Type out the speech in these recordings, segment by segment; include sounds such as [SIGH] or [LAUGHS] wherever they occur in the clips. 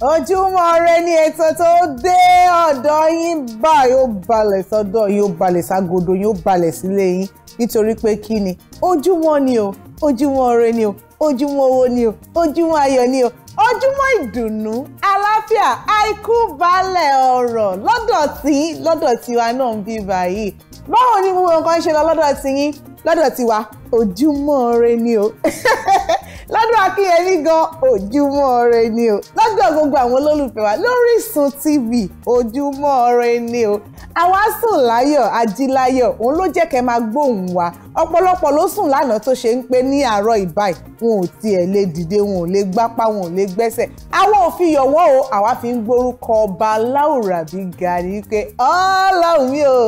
ojúmọ́ ire ni ètò tó dé ọ̀dọ̀ yín báyìí ó balẹ̀ sọ́dọ̀ yín ó balẹ̀ ságodo yín ó balẹ̀ sílé yín nítorí pé kí ni ojúmọ́ ni o ojúmọ́ ire ni o ojúmọ́ owó ni o ojúmọ́ ayọ̀ ni o ojúmọ́ ìdùnnú àlàáfíà àìkú balẹ̀ ọ̀rọ̀ lọ́dọ̀ tí lọ́dọ̀ tiwa náà ń bí báyìí báwo ni gbogbo nǹkan ṣe lọ lọ́dọ̀ tiyín lọ́dọ̀ tiwa ojúmọ́ ire ni o [LAUGHS] lọ́dún akínyẹmí gan ojúmọ́ ire ni o lọ́dún gbogbo àwọn olólùfẹ́ wa lóríṣun tv ojúmọ́ ire ni o àwa sùn láyọ̀ ajíláyọ̀ òun ló jẹ́ kẹ́ máa gbóhùn wa ọ̀pọ̀lọpọ̀ ló sùn lánàá tó ṣe ń pé ní àárọ̀ ìbáì wọn ò tiẹ̀ lè dìde wọn ò lè gbápá wọn ò lè gbẹ́sẹ̀ àwọn ò fi yọ̀wọ́ o àwa fi ń gbórúkọ ọba Láùrábí Gani pé ọlọ́run mi ò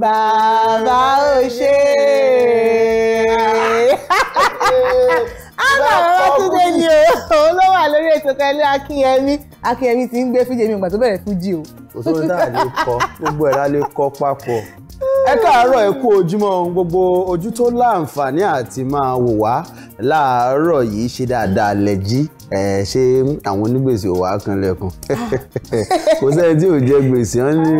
bàbá ò ṣe é [LAUGHS] àmọ́ ọ̀rọ̀ túnde ni o òun ló wà lórí ètò kẹlẹ́ akínyẹmí akínyẹmí ti ń gbé fújì èmi ìgbà tó bẹ̀rẹ̀ fújì o. òṣèré náà lè kọ gbogbo ẹ̀ la lè kọ papọ̀ ẹ káàárọ̀ ẹ kú ojúmọ́ gbogbo ojú tó láǹfààní àti máa wò wá láàárọ̀ yìí ṣe dáadáa lẹ́jí ẹ ṣé àwọn onígbèsè ò wá kan lẹ́kùn kò sẹ́ni tí ò jẹ gbèsè wọn ní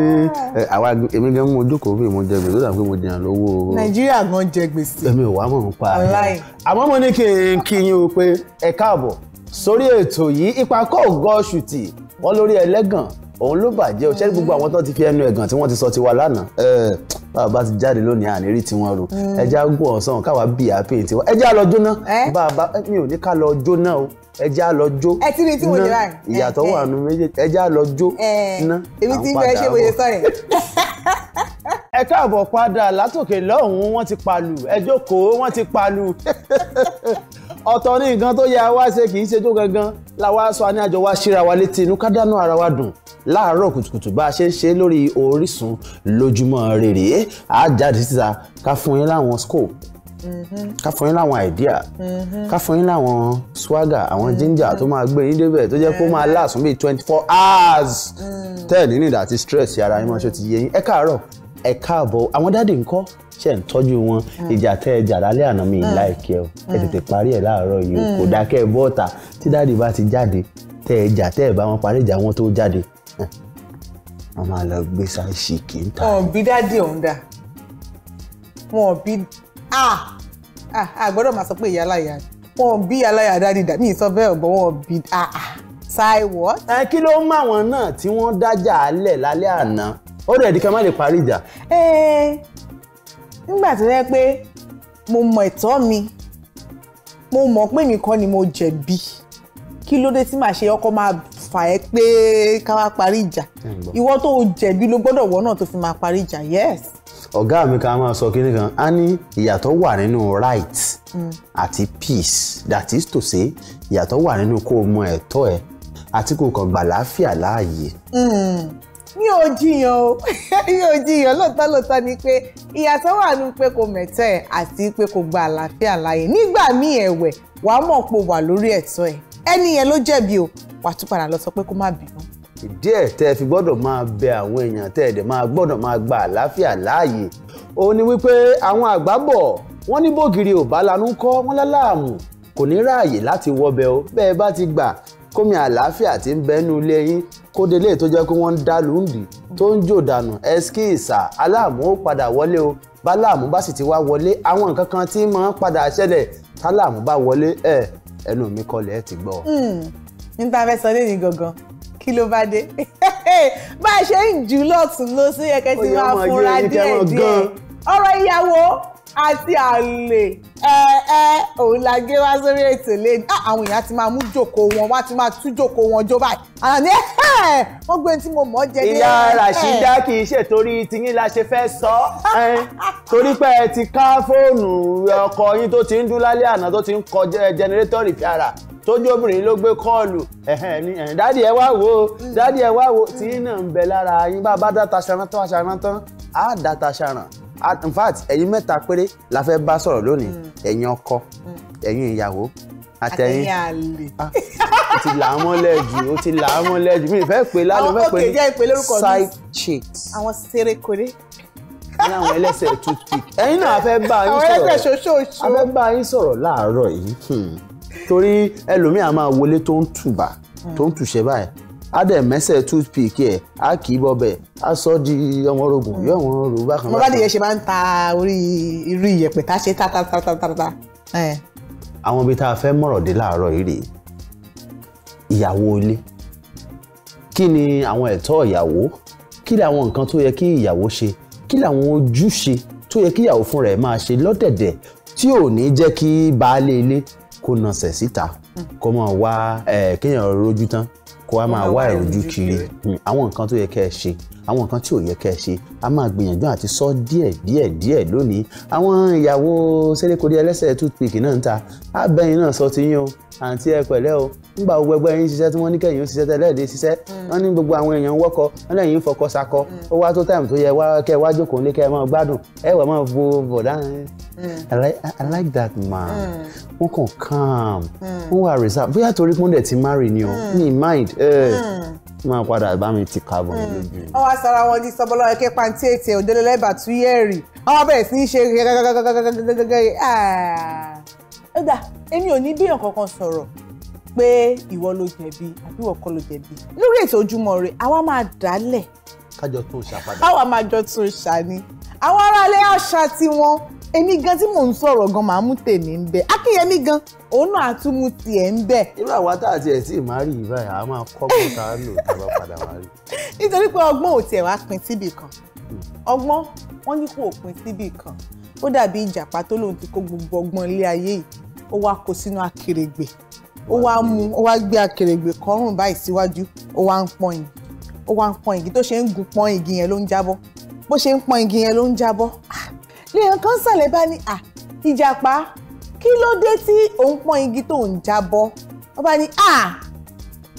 àwa èmi gan mo jókòó bí mo jẹ gbèsè ó dà pé mo jìyàn lówó. nàìjíríà gan jẹ gbèsè. èmi ò wá mọ̀ nípa rẹ̀ àmọ́ mo ní kí n kí yín o pé ẹ káàbọ̀ sórí ètò yìí ìpàkọ́ ògọ́ ṣùtì wọ́n lórí ẹlẹ́gàn òun ló bàjẹ́ o ṣẹ́ni gbogbo àwọn tó ti fi ẹnu ẹ̀gàn tí wọ́n ti sọ ti wa lánàá ẹ̀ bá a bá ti jáde lónìí àníírí tiwọn ro hmm. ẹja gùn ọ̀sán káwa bí àpè tiwọn ẹja lọ jóná bá a bá mi ò ní ká lọ jóná o ẹja lọ jó ẹ ìyàtọ̀ wà nù méjèèjì ẹja lọ jó ná èmi ti [LAUGHS] ẹ káàbọ̀ padà látòkè lọ́hùn-ún wọ́n ti palu ẹ jókòó wọ́n ti palu [LAUGHS] ọ̀tọ̀ ní nǹkan tó yẹ wá ṣe kì í ṣe tó gangan la wá sọ ní àjọ wá síra wa létí inú ká dánú ara wa dùn láàárọ̀ kùtùkùtù bá a ṣe ń ṣe lórí Orísun lójúmọ́ rèrè á eh, jáde síta ká fún yín láwọn scope ká fún yín láwọn idea ká fún yín láwọn swagger àwọn ginger tó máa gbé yín débẹ̀ tó jẹ́ kó máa last bíi twenty four hours mm. tẹ́ẹ̀ nínú ìdá àti stress yàrá yín mọ́ ṣe ti yé yín ẹ káàárọ̀ ẹ káàbọ̀ àwọn dáàdì ńkọ́ ṣe ń tọ́jú wọn mm. ìjà tẹ́ ẹ jà lálẹ́ àná mi mm. láìkẹ́ o ẹ mm. tètè parí ẹ̀ láàárọ̀ yìí o kò dákẹ́ ẹ bọ́ọ̀ta tí dáàdì bá ti jáde tẹ́ ẹ jà tẹ́ ẹ bá wọn parí ìjà wọn tó jáde wọn máa lọ gbé sáìsì kì í ta. wọn bí dáàdì ọ̀hún dà wọn bí àgbọ́dọ̀ máa sọ pé ìyá aláya wọn bí aláya dáàdì dà mí sọ bẹ́ẹ̀ ọ̀gbọ́n wọn bí ṣáìwọ́. ẹ kí ló ń mọ àwọn náà tí wọ́n dájà á lẹ̀ lálẹ́ àná ó rẹ̀ ẹ̀dìkan má lè parí ìjà. ẹ nígbà tó yẹ pé mo mọ ẹ̀tọ́ mi mo mọ̀ pé mi kọ́ ni mo jẹ̀bi kí ló dé tí màá ṣe ọkọ máa fà ẹ́ pé ká wá parí ìjà ìwọ tó jẹ̀bi ló gbọ́dọ̀ wọ́n náà tó fi máa parí ìjà yes. ọ̀gá mi kan máa sọ kínní kan á ní ìyàtọ̀ wà nínú right hmm. àti peace that is to say ìyàtọ̀ wà nínú kó o mọ ẹ̀tọ́ ẹ àti kó o kàn gbà láàfíà láàyè. Hmm mi ò jiyàn o [LAUGHS] mi ò jiyàn lóòótọ́ ni pé ìyàtọ̀ wà ní pé kò mẹ̀tẹ́ àti pé kò gba àlàáfíà láàyè nígbà míì ẹ̀wẹ̀ wàá mọ̀ pé wà lórí ẹ̀tọ́ ẹ̀ ẹni yẹn ló jẹ̀bi o wàá tún padà lọ sọ pé kó má bínú. ìdí ẹ̀ tẹ́ ẹ fi gbọ́dọ̀ máa bẹ àwọn èèyàn tẹ́ ẹ dẹ̀ máa gbọ́dọ̀ máa gba àlàáfíà láàyè òun ni wípé àwọn àgbà wọ́n ní bògiri ò bá lanú kọ́ wọ́n lálàmù kò ní ráàyè láti wọbẹ̀ o bẹ́ẹ̀ bá ti gbà kómi àlàáfíà tí ń bẹ́nu ilé yín kó délé tó jẹ́ pé wọ́n ń dá lùndì tó ń jò dànù ẹskí ìsà aláàmú ó padà wọlé o báláàmú bá sì ti wá wọlé àwọn nǹkan kan tí máa ń padà ṣẹlẹ̀ táláàmú bá wọlé ẹ ẹnu mi kọlẹ̀ ẹ ti gbọ́. Hmm, níta fẹ́ sọ lẹ́yìn gangan kí ló bá dé [LAUGHS] bá a ṣe ń jù lọ́tún lósì ẹ̀kẹ́ tí máa fúnra díẹ̀díẹ̀ ọ̀rọ̀ ìyàwó àti àlè ẹ ẹ òun la gé wá sórí ètò lẹ́nu ah, àwọn èèyàn ti máa mú jòkó wọn wá ti máa tú jòkó wọn jó báyìí àwọn ni wọ́n gbé tí mo mọ̀ jẹ ní. ìyá Ràṣídá kì í ṣe torí tiyín la ṣe fẹ́ sọ torí pé ẹ ti ká fóònù ọkọ yín tó ti ń dún lálẹ́ àná tó ti ń kọ jẹnẹrétọ̀ rìpíàrà tójú obìnrin ló gbé kọ́ọ̀lù dáàdì ẹ wá wo dáàdì ẹ wá wo tí náà ń bẹ lára yín bá bá dáta ṣaran tán àṣàrán tán á dáta ṣaran in fact ẹ̀yin mẹ́ta péré la fẹ́ bá sọ̀rọ̀ lónìí mm. ẹ̀yin ọkọ mm. ẹ̀yin ìyàwó àtẹ̀yìn ah, ó ti là á mọ́lẹ̀ jù ó ti là á mọ́lẹ̀ jù mi ì fẹ́ pè lálẹ́ fẹ́ pè side chicks. àwọn serekore ní àwọn ẹlẹ́sẹ̀ toothpick ẹ̀yin náà a fẹ́ bá yín sọ̀rọ̀ àwọn ẹlẹ́sẹ̀ ṣoṣooṣo a fẹ́ bá yín sọ̀rọ̀ láàárọ̀ yìí hmm. torí ẹlòmíà máa wọlé tó ń tùbà hmm. tó ń tùṣẹ́ báyìí adẹ̀mẹ́sẹ̀ toothpick ẹ̀ á kì í bọ̀bẹ̀ á sọ di ọmọrogùn yóò wọn rò bákan bákan. mo bá nìyẹn ṣe máa ń ta orí irú ìyẹ̀pẹ̀ tá a ṣe ta ta ta ta ta ta. àwọn ibi tá a fẹ́ mọ̀rọ̀ dé láàárọ̀ yìí rèé ìyàwó ilé kí ni àwọn ẹ̀tọ́ ìyàwó kí ni àwọn nǹkan tó yẹ kí ìyàwó ṣe kí ni àwọn ojúṣe tó yẹ kí ìyàwó fúnra ẹ̀ máa ṣe lọ́dẹ̀dẹ̀ tí ò ní jẹ́ kí baálé ilé kó nasẹ̀ síta hmm. kó máa wá kéèyàn rójú tán kó a máa wá ìrojú kiri hmm, àwọn nǹkan tó yẹ kẹ́ ẹ ṣe àwọn nǹkan tí ò yẹ kẹ́ ẹ ṣe a máa gbìyànjú àti sọ díẹ̀ díẹ̀ díẹ̀ lónìí àwọn ìyàwó sẹ́lẹ̀kọ́dé ẹlẹ́sẹ̀ toothpick náà ń ta abẹ́yìn náà sọ ti yín o àǹtí ẹ pẹ̀lẹ́ o nígbà gbogbo ẹgbẹ́ yín ṣiṣẹ́ tí wọ́n ní kẹ́yìn ó ṣiṣẹ́ tẹ́lẹ̀ dé ṣiṣẹ́ hmm. wọ́n ní gbogbo àwọn èèyàn ń wọ́kọ wọ́n lẹ́yìn ń fọkọ sakọ hmm. ó wá tó táìmù tó yẹ kẹ́ ẹ wá jókòó nílé kẹ́ ẹ máa gbádùn ẹ wà máa bo bọ̀dá I like I like that man mm. wọ́n kàn calm wọ́n mm. wà reserve bóyá torí pé wọ́n dẹ̀ ti marry ni o ní mm. mind eh. máa padà bá mi ti kábọ̀ lójú. wọ́n wá sara wọn di sọ́bọ́lọ́ ẹ̀kẹ́ pàǹtí ètè òdelélẹ́bà tún yẹ̀rì wọ́n bẹ̀rẹ̀ sí í ṣe gẹ́gẹ́gẹ́gẹ́gẹ́gẹ́gẹ́ ah. ó dà èmi ò ní bíyàn kankan sọ̀rọ̀ pé ìwọ ló jẹ̀bi àbí ìwọ kọ́ ló jẹ̀bi lórí ètò Ojúmọ́ Ire àwa máa dálẹ̀ kájọ tún ṣàpadà. báwa máa jọ tún ṣà ni àwọn aráalé àṣà tiwọn èmi gan tí mò ń sọ̀rọ̀ gan màá mú tèmi ń bẹ akínyẹmí gan òun náà àtúmú tiẹ̀ ń bẹ. irú àwa tá àti ẹ̀ tí ì má rí yìí báyìí a máa kọ́ bó ta lò tó bá padà wá rí. [LAUGHS] nítorí pé ọgbọ́n ò tiẹ̀ wá pin síbì kan ọgbọ́n wọ́n ní kò pin síbì kan ó dàbí ìjàpá tó lóun ti kó gbogbo ọgbọ́n ilé ayé yìí ó wá kó sínú akèrègbè ó wá mú ó wá gbé akèrègbè kọrùn báyìí síwájú ó wá ń pọ́n lèèyàn kan sàlẹ̀ bá ní à ìjàpá kí ló dé tí òun pọ́n igi tó ń jábọ́ wọ́n bá ní à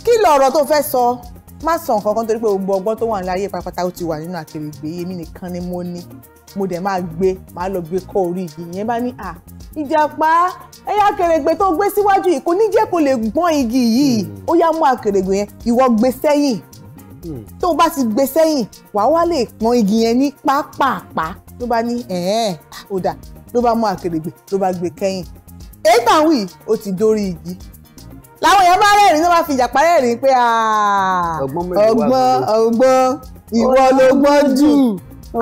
kí lọ̀rọ̀ tó fẹ́ sọ má sọ nǹkan torí pé gbogbo ọgbọ́n tó wà ní ayé pátápátá ó ti wà nínú Akèrègbè èmi nìkan ni mo ní mo dẹ̀ máa gbé máa lọ gbé kọ́ orí igi yẹn bá ní à ìjàpá ẹyà Akèrègbè tó gbé síwájú yìí kò ní jẹ́ kó lè gbọ́n igi yìí hmm. ó yá mú Akèrègbè yẹn ìwọ gbé sẹ́yìn hmm. tó o bá ti gbé sẹ́yìn wàá wá lè pọ́n igi yẹn ní pápápá ló bá ní ẹ̀ẹ́n ó dà ló bá mú àkèrègbè ló bá gbé kẹ́yìn èyí tàn wì ó ti dórí igi láwọn èèyàn bá rẹ́rìn ní wọ́n fi ìjà parẹ́ rìn pé ọgbọ́n ọgbọ́n ìwọ ló gbọ́n jù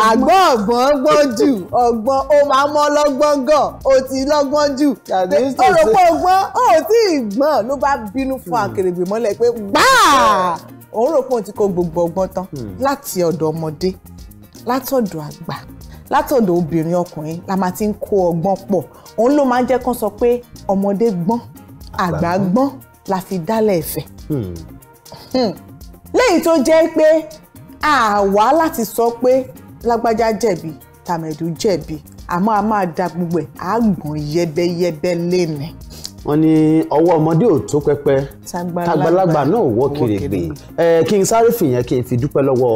àgbọ̀n ọ̀gbọ́n gbọ́n jù ọgbọ́n ó máa mọ́ lọ́gbọ́n gàn ó ti lọ́gbọ́n jù ó rò pé ọgbọ́n ó tí gbọ́n ló bá bínú fún hmm. àkèrègbè mọ́lẹ̀ pé gbáà òun rò pé òun ti kó gbogbo ọgbọ́n tán hmm. láti ọ̀dọ̀ ọmọdé látọ̀dọ̀ àgbà látọ̀dọ̀ obìnrin ọkùnrin la máa ti ń kó ọgbọ́n pọ̀ òun ló máa ń jẹ́ kán sọ pé ọmọdé gbọ́n àgbà gbọ́n la fi dálẹ̀ ẹ̀fẹ̀. Hmm. Hmm. lẹ́yìn tó jẹ́ pé àwa láti sọ pé lágbájá jẹ̀bi tàmẹ̀dù jẹ̀bi àmọ́ a máa da gbogbo ẹ̀ á gbọ̀n yẹ́bẹ́yẹ́bẹ́ lẹ́nu. wọ́n ní ọwọ́ ọmọdé ò tó pẹpẹ tàgbàlagbà náà wọ́ kiri gbè kí n sáré fìyẹn kí n fi dúpẹ́ lọ́wọ́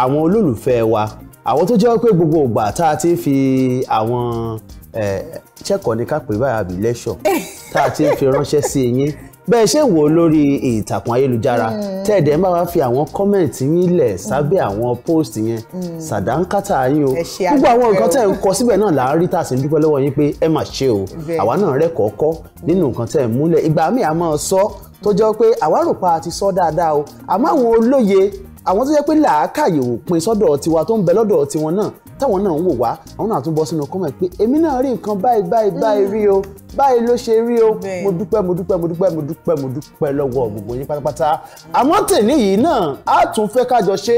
àwọn olólùfẹ́ wa àwọn tó jẹ́ pé gbogbo ìgbà tá a ti fi àwọn ṣẹ́kọ̀ọ́ ní kápẹ́ báyà àbí lẹ́ṣọ̀ tá a ti fi ránṣẹ́ sí yín bẹ́ẹ̀ ṣe wò lórí ìtàkùn ayélujára hmm. tẹ́ẹ̀dẹ̀ máa wá fi àwọn kọ́mẹ̀ntì yín lẹ̀ hmm. sábẹ́ àwọn post yẹn hmm. sàdánkátà yín o gbogbo àwọn nǹkan tẹ́ ń kọ síbẹ̀ náà là ń rí tàṣí dúpẹ́ lọ́wọ́ yín pé ẹ mà ṣe o àwa náà rẹ̀ kọ́kọ́ nínú nǹkan tẹ́ ń múlẹ̀ ìgbà míì a máa sọ tó jọ pé àwa pa àti sọ dáadáa o àmọ́ àwọn olóye àwọn tó yẹ pé làákàyè òpin sọ́dọ̀ tiwa tó ń bẹ lọ́dọ̀ tiwọn náà táwọn náà ń wò wá àwọn náà tún bọ́ sínú kọ́mọ̀ pé èmi náà rí nǹkan báyìí báyìí mm. báyìí rí o báyìí ló ṣe rí o mo dúpẹ́ mo dúpẹ́ mo dúpẹ́ mo dúpẹ́ mo dúpẹ́ lọ́wọ́ gbogbo yín pátápátá àmọ́ tèmi yìí náà á tún fẹ́ kájọ ṣe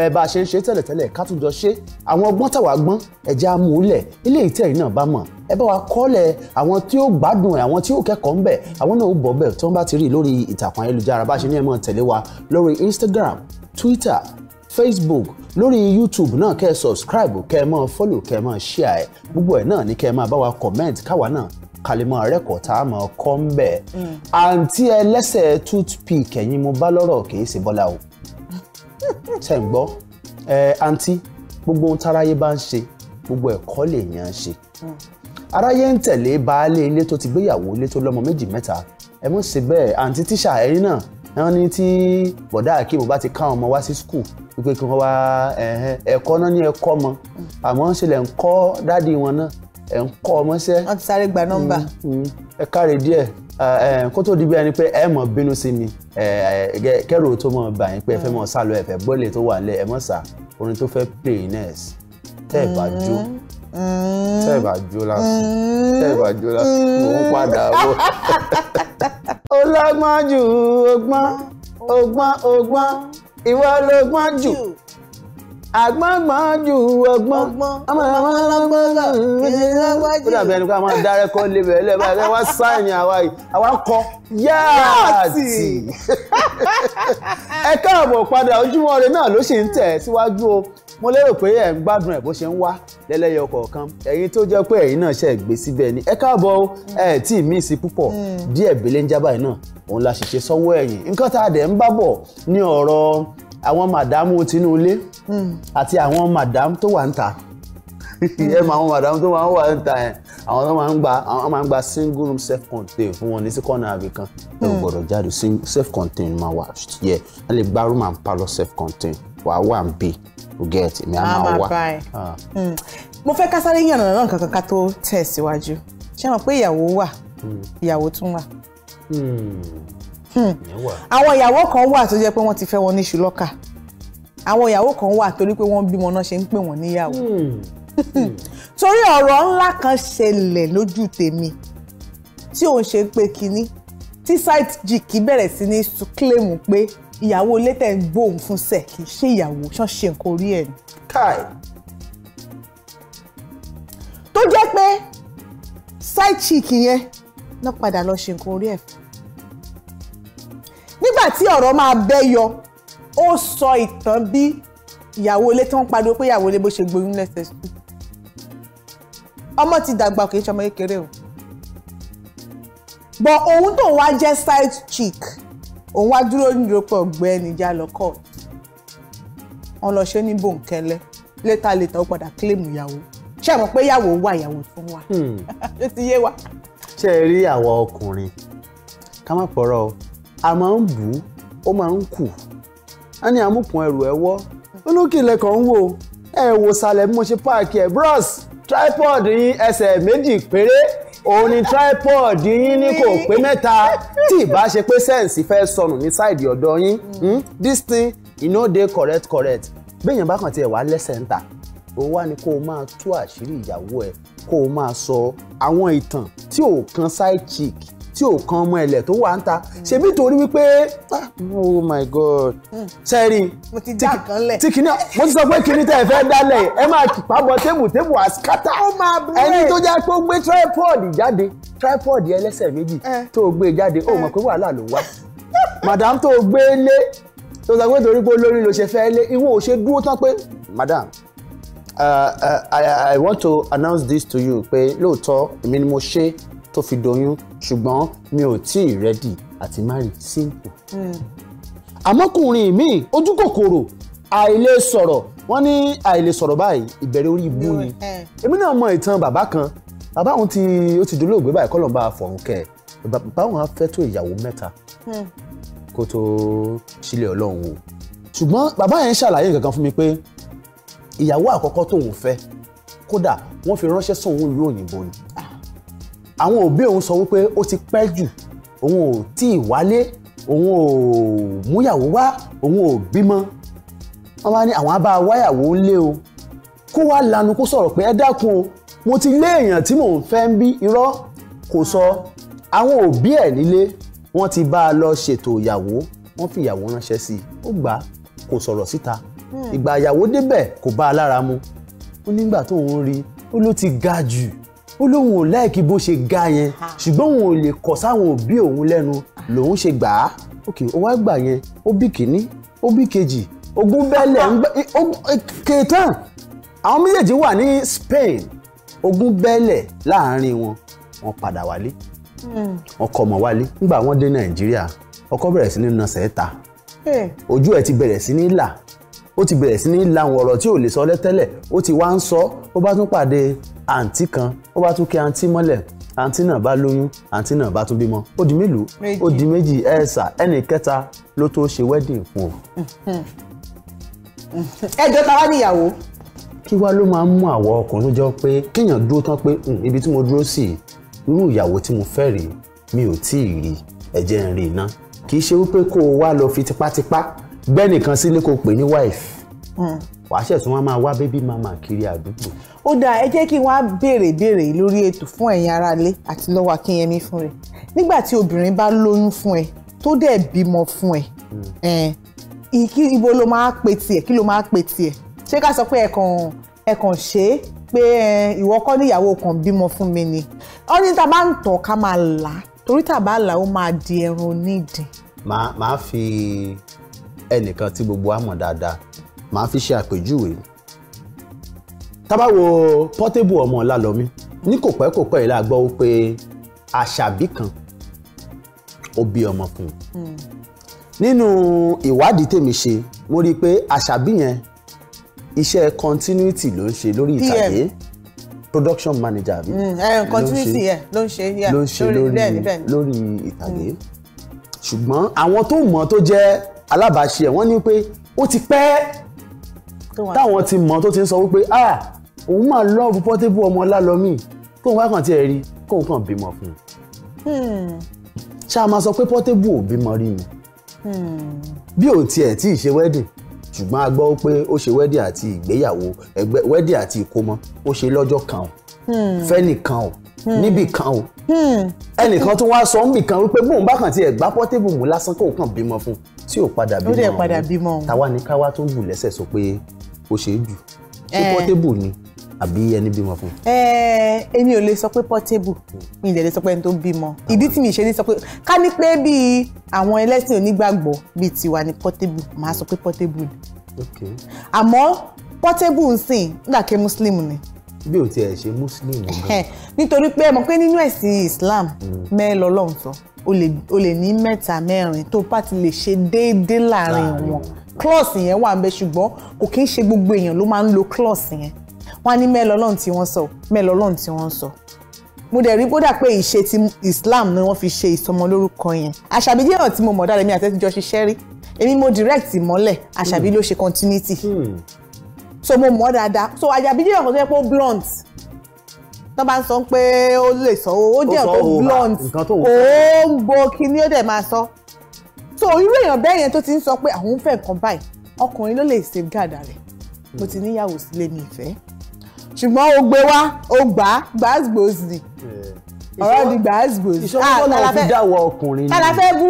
ẹ bá a ṣe ń ṣe tẹ́lẹ̀tẹ́lẹ̀ ká tún jọ ṣe àwọn ọgbọ́n táwa gbọ́n ẹ̀jẹ̀ amúlẹ̀ ilé ìtẹ̀yìn náà bá mọ̀ ẹ bá wa kọ́lẹ̀ àwọn tí ó gbádùn ẹ̀ àwọn tí ó kẹ́kọ̀ọ́ ńbẹ̀ àwọn náà ó bọ̀ bẹ̀ tí wọ́n bá ti rí lórí ìtàkùn ayélujára bá a ṣe ní ẹ̀ mọ́ tẹ̀lé wa lórí Instagram Twitter Facebook lórí YouTube náà kẹ́ ẹ subscribe kẹ́ ẹ máa follow kẹ́ ẹ máa share ẹ gbogbo ẹ̀ náà ni kẹ́ ẹ máa bá wa comment káwa náà kalimọ rẹkọ a mọ kọ ń bẹ mm. àǹtí ẹlẹ́sẹ̀ toothpick ẹ̀yin mo bá lọ́rọ̀ kì í ṣe Bọ́lá o tẹ [LAUGHS] ń gbọ́ ẹ àǹtí gbogbo ohun táráyé bá ń ṣe gbogbo ẹ̀kọ́ lè yàn án ṣe mm. aráyé ń tẹ̀lé baálé ilé tó ti gbéyàwó ilé tó lọ́mọ méjì mẹ́ta ẹ mọ̀ ṣe bẹ́ẹ̀ àǹtí tíṣà ẹ̀yin náà wọ́n ní tí bọ̀dá akéwò bá ti ká ọmọ wá sí skul wípé kí wọ́n wá ẹ̀kọ́ náà ní ẹ̀kọ́ mọ àmọ́ ń ṣẹlẹ̀ ń kọ́ dáàdi wọn náà ẹ̀ ń kọ́ ọmọ sẹ́. wọ́n ti sáré gba nọ́mbà. Mm, mm. ẹ káre díẹ̀ kó tó di bí ẹni pé ẹ mọ̀ bínú sí mi kẹ́rù tó mọ̀ bà yín pé ẹ fẹ́ mọ̀ sálọ ẹ̀fẹ̀ bọ́ọ̀lì tó wà nílẹ̀ ẹ mọ̀ sá orin tó fẹ́ play next tẹ́ ẹ bá jó mm, tẹ́ ẹ bá jó lásán tẹ́ ẹ bá jó lásán mò ń padà wọ. [LAUGHS] ọlọ́gbọ́n jù ọgbọ́n ọgbọ́n ọgbọ́n ìwọ jù àgbọ̀ngbọ̀n jù ọgbọ́n ọmọ ọmọ ọlọ́gbọ́n jù ó dàbí ẹni a máa dárẹ́ [LAUGHS] náà ló ń tẹ̀ o mo lérò pé ẹ̀ ń gbádùn ẹ̀ bó ṣe ń wá lẹ́lẹ́yọ kọ̀ọ̀kan ẹ̀yin tó jẹ́ pé ẹ̀yin náà ṣe é gbé síbẹ̀ ni ẹ káàbọ̀ ẹ̀ tí ì míì sí púpọ̀ hmm. díẹ̀ bèlè ń jábà yìí náà òun la ṣèṣe sọ́wọ́ ẹ̀yìn nǹkan tá a dẹ̀ ń bá bọ̀ ní ọ̀rọ̀ àwọn màdámù tinú hmm. àti àwọn màdámù tó wà ń ta hmm. [LAUGHS] ẹ mọ àwọn madam tó máa ń wà níta yẹn àwọn tó máa ń gba àwọn máa ń gba single room self contained fún wọn ní sí kọ́nà àbí kan ẹ ò gbọ́dọ̀ jáde self contained máa wà yẹ ẹ lè gba room and parlour self contained wà á wà ń bè o get èmi á ah, máa wá. Ah. Hmm. mo fẹ́ ká sáré yànnà náà kankan ká tó tẹ̀ síwájú ṣé mo pé ìyàwó wà hmm. ìyàwó tún hmm. wà. àwọn ìyàwó kan wà tó jẹ́ pé wọ́n ti fẹ́ wọn níṣu lọ́kà àwọn ìyàwó kan wà torí pé wọ́n bímọ náà ṣe ń pè wọ́n níyàwó [LAUGHS] torí ọ̀rọ̀ ńlá kan ṣẹlẹ̀ lójú tèmi tí òun ṣe ń pé kinní tí site g kì bẹ̀rẹ̀ sí ní claim pé ìyàwó ilé tẹ̀ ń gbóhùn fún sẹ̀ kì í ṣe ìyàwó ṣán ṣe nǹkan orí ẹ̀ ni. káì. tó jẹ́ pé side chick yẹn náà padà lọ ṣe nǹkan orí ẹ̀ fún. nígbà tí ọ̀rọ̀ máa bẹ́ yọ ó sọ ìtàn bí ìyàwó ilé tí wọ́n pariwo pé ìyàwó ilé bó ṣe gboyún lẹ́sẹ̀ sí. ọmọ ti dàgbà kì í ṣe ọmọ kékeré o. bọ̀ òun tó wá jẹ́ side chick òun wá dúró nílòpọ̀ ọ̀gbẹ́ni jalọ court wọn lọ ṣe ní bòńkẹ́lẹ́ létà létà ó padà claim ìyàwó ṣé àmọ́ pé ìyàwó wà ìyàwó tún wà ló hmm. ti yé wa. ṣé ẹ rí àwa ọkùnrin ká má fọ̀rọ̀ o a máa ń bù ú ó máa ń kù á ní amúkùn ẹrù ẹ wọ́ olókìlẹ̀ kan ń wò ẹ wò sàlẹ̀ bí mo ṣe páàkì ẹ̀ bros tripod yín ẹsẹ̀ méjì péré òun ni tripod yín ní kò pé mẹ́ta tí ìbá ṣe pé sẹ́ǹsì fẹ́ sọnù ní sáìdì ọ̀dọ̀ yín hmm, this thing e no dey correct correct béèyàn bá kàn tiẹ̀ wá lẹ́sẹ̀ ń ta ó wá ní kó o máa tú àṣírí ìyàwó ẹ kó o máa sọ àwọn ìtàn tí ò kan side cheek tí ò kan ọmọ ẹ̀lẹ̀ tó wà ń ta ṣe bí torí wípé ah, oh my god sẹ́rí tí kìíní mo ti sọ pé kìíní tẹ́ ẹ fẹ́ dálẹ̀ ẹ máa kìpá bọ tébù tébù àsìkátà ẹni tó jẹ́ pé ó gbé tripod jáde tripod ẹlẹ́sẹ̀ méjì eh. tó gbé e jáde ó mọ̀ eh. pé wàhálà ló wá madam tó gbé e lé tó sọ pé torí pé olórin ló ṣe fẹ́ lé ìwọ ò ṣe dúró tán pé madam Uh, uh, I, I want to announce this to you pé lóòótọ́ èmi ni mo ṣe tó fi doyún ṣùgbọ́n mi ò tí ì rẹ́dì àti marry simple. Hmm. àmọ́kùnrin mi ojú kòkòrò àìlè sọ̀rọ̀ wọ́n ní àìlè sọ̀rọ̀ báyìí ìbẹ̀rẹ̀ orí ibú ni èmi náà mọ ìtàn bàbá kan bàbá òun ti ó ti dolóògbé báyìí kọ́lọ̀ bá a fọ̀hún kẹ́ ẹ̀ bàbá òun á fẹ́ tó ìyàwó mẹ́ta hmm. kó tó sílẹ̀ ọlọ́run o ṣùgbọ́n bàbá yẹn ṣàlàyé nǹkan fún mi pé ìyàwó àkọ́kọ́ tóun fẹ́ kódà wọ́n fi ránṣẹ́ sóun ìlú òyìnbó ni ah, àwọn òbí òun sọ wípé ó ti pẹ́ jù òun ò tí ì wálé òun ò múyàwó wá òun ò bímọ wọn bá ní àwọn abá wáyàwó ń lé o kó wá lanu kó sọ̀rọ̀ pé ẹ dákun o mo ti lé èèyàn tí mò ń fẹ́ ń bí irọ́ kò sọ àwọn òbí ẹ̀ nílé wọ́n ti bá a lọ ṣètò ìyàwó wọ́n fi ìyàwó ránṣẹ́ sí i ó gbà á kò sọ̀rọ̀ síta hmm. ìgbà ìyàwó débẹ̀ kò bá a lára mu ó nígbà tó ń rí ó ló ti ga jù ó lóun ò láìkí bó ṣe ga yẹn ṣùgbọ́n òun ò lè kọ̀ sáwọn òbí òun lẹ́nu lòun ṣe gbà á ok ó wá gbà yẹn ó bí kìíní ó bí kejì ogún bẹ́lẹ̀ ń gbẹ́ kéétan àwọn méjèèjì wà ní Spain Ogun bẹ́lẹ̀ láàárín wọn wọn padà wálé hmm. wọn kọ ọmọ wálé nígbà wọn dé Nàìjíríà ọkọ bẹ̀rẹ̀ sí ní nasẹ̀ ta hmm. ojú ẹ̀ ti bẹ̀rẹ̀ sí ní là ó ti bẹ̀rẹ̀ sí ní làwọn ọ̀rọ̀ tí ò lè sọ lẹ́tẹ́lẹ̀ ó ti wá ń sọ ó bá tún pàdé àǹtí kan ó bá tún kí àǹtí mọ́lẹ̀ àǹtí náà bá lóyún àǹtí náà bá tún bímọ ó di mélòó ó di méjì ẹ̀ẹ́sà ẹnì kẹta ló tó ṣe wedding fún o. ẹjọ́ ta wá níyàwó. kí wá ló máa ń mú àwọn ọkùnrin jọ pé kéèyàn dúró tán pé hmm, ibi tí mo dúró sí irú ìyàwó tí mo fẹ́ rí mi ò tí ì rí ẹ jẹ́ n rí iná kì í ṣe wípé kó o wá lọ fi tipátipá gbẹ́nìkan sílé kó o pè ní wife. Mm wàá ṣẹ̀sùn wọn máa wá bébí mama kiri àdúgbò. ó dáa ẹ jẹ́ kí wọ́n á béèrè béèrè lórí ètò fún ẹ̀yin aráalé àti lọ́wọ́ akínyẹmí fún rẹ̀ nígbà tí obìnrin bá lóyún fún ẹ tó dẹ̀ bímọ fún ẹ hmm. ibo ló máa pe tiẹ̀ kí ló máa pe tiẹ̀ ṣé ká sọ pé ẹ̀kan ẹ̀kan ṣe é pé ìwọ kọ́ níyàwó kan bímọ fún mi ni ó ní tá a bá ń tọ̀ ká máa là á torí tá a bá là á ó máa di ẹran onídìí. màá fi ẹnìkan tí gbogbo wa mọ̀ dáadáa màá fi ṣe àpèjúwe tá bá wo Portable ọmọ Ọlálọmí ní kò pẹ́ kò pẹ́ yìí la gbọ́ pé àṣàbí kan ó bí ọmọ fún un hmm. nínú ìwádìí tèmi ṣe mo rí i pé àṣàbí yẹn iṣẹ́ continuity ló ń ṣe lórí ìtàgé production manager àbí hmm. eh, continuity yẹn ló ń ṣe ló ń ṣe lórí ìtàgé hmm. ṣùgbọ́n àwọn tó mọ̀ tó jẹ́ alábàáṣe ẹ̀ wọ́n ní pé ó ti pẹ́ táwọn ti mọ̀ tó ti ń sọ wípé ah òun máa lọ́ọ̀bù Portable ọmọ Ọlálọ́mì kóun wá kàn tiẹ̀ rí kóun kàn bímọ fún un. Hmm. ṣá máa sọ pé Portable ò bímọ rí ni hmm. bí òun tiẹ̀ tí ì ṣe wedding ṣùgbọ́n a gbọ́ pé ó ṣe wedding àti ìgbéyàwó ẹgbẹ́ wedding àti ìkómọ ó ṣe lọ́jọ́ kan o hmm. fẹ́nìkan o níbìkan o ẹnìkan tó wá sọ níbìkan wípé bóun bá kàn tiẹ̀ gbá Portable mú lásán kóun kàn bímọ fún un tí ò padà bímọ òun táwa ní káwá tó ń bù lẹ́sẹ̀ sọ pé o ṣe é jù ṣé eh. pọ́tébù ni àbí ẹni bímọ fún. ẹẹ eh, èmi ò lè sọ pé pọ́tébù mi ì lè sọ pé ẹni tó bímọ ìdí tí mi ṣe ní sọ pé ká ní pé bíi àwọn ẹlẹ́sìn onígbàgbọ́ bíi tiwa ni pọ́tébù màá sọ pé pọ́tébù ni. àmọ́ pọ́tébù ń sìn nígbà kí muslim ni. bí o tiẹ̀ ṣe muslim. nítorí pé ẹ mọ̀ pé nínú ẹ̀sìn islam mẹ́ẹ̀ hmm. lọ́lọ́run sọ o lè ní mẹ́ta mẹ́rin tó bá ti lè ṣe déédéé láàrin wọn clause yẹn wà ń bẹ ṣùgbọ́n kò kí ń ṣe gbogbo èèyàn ló máa ń lo clause yẹn wọ́n á ní mẹ́lọ lọ́n tí wọ́n sọ mẹ́lọ lọ́n tí wọ́n sọ. mo dẹ̀ rí bódà pé ìṣe ti Islam ni wọ́n fi ṣe ìsọmọlórúkọ yẹn àṣàbí jẹ́ ọ̀tí mo mọ̀ dára èmi àti ẹ̀ ti jọ ṣiṣẹ́ rí èmi mo direct mọ́lẹ̀ àṣàbí ló ṣe continuity hmm. so mo mọ̀ dáadáa so àṣàbí jẹ́ ọ̀kan tó yẹ kó blunt tó bá ń sọ pé ó lè sọ ó jẹ́ ọ̀kan blunt ó ń bo kíní ó dẹ̀ máa sọ so irú èèyàn bẹ́ẹ̀ yẹn tó ti ń sọ pé àwọn fẹ́ nǹkan báyìí ọkùnrin ló lè safeguard rẹ̀ mo ti níyàwó sílé mi ìfẹ́ ṣùgbọ́n o gbé wá o gbà á gbàásgbòsì ọ̀rọ̀ di gbàásgbòsì. ìṣòro ah, náà fi dáwọ́ ọkùnrin ni tàlàfẹ́ bú.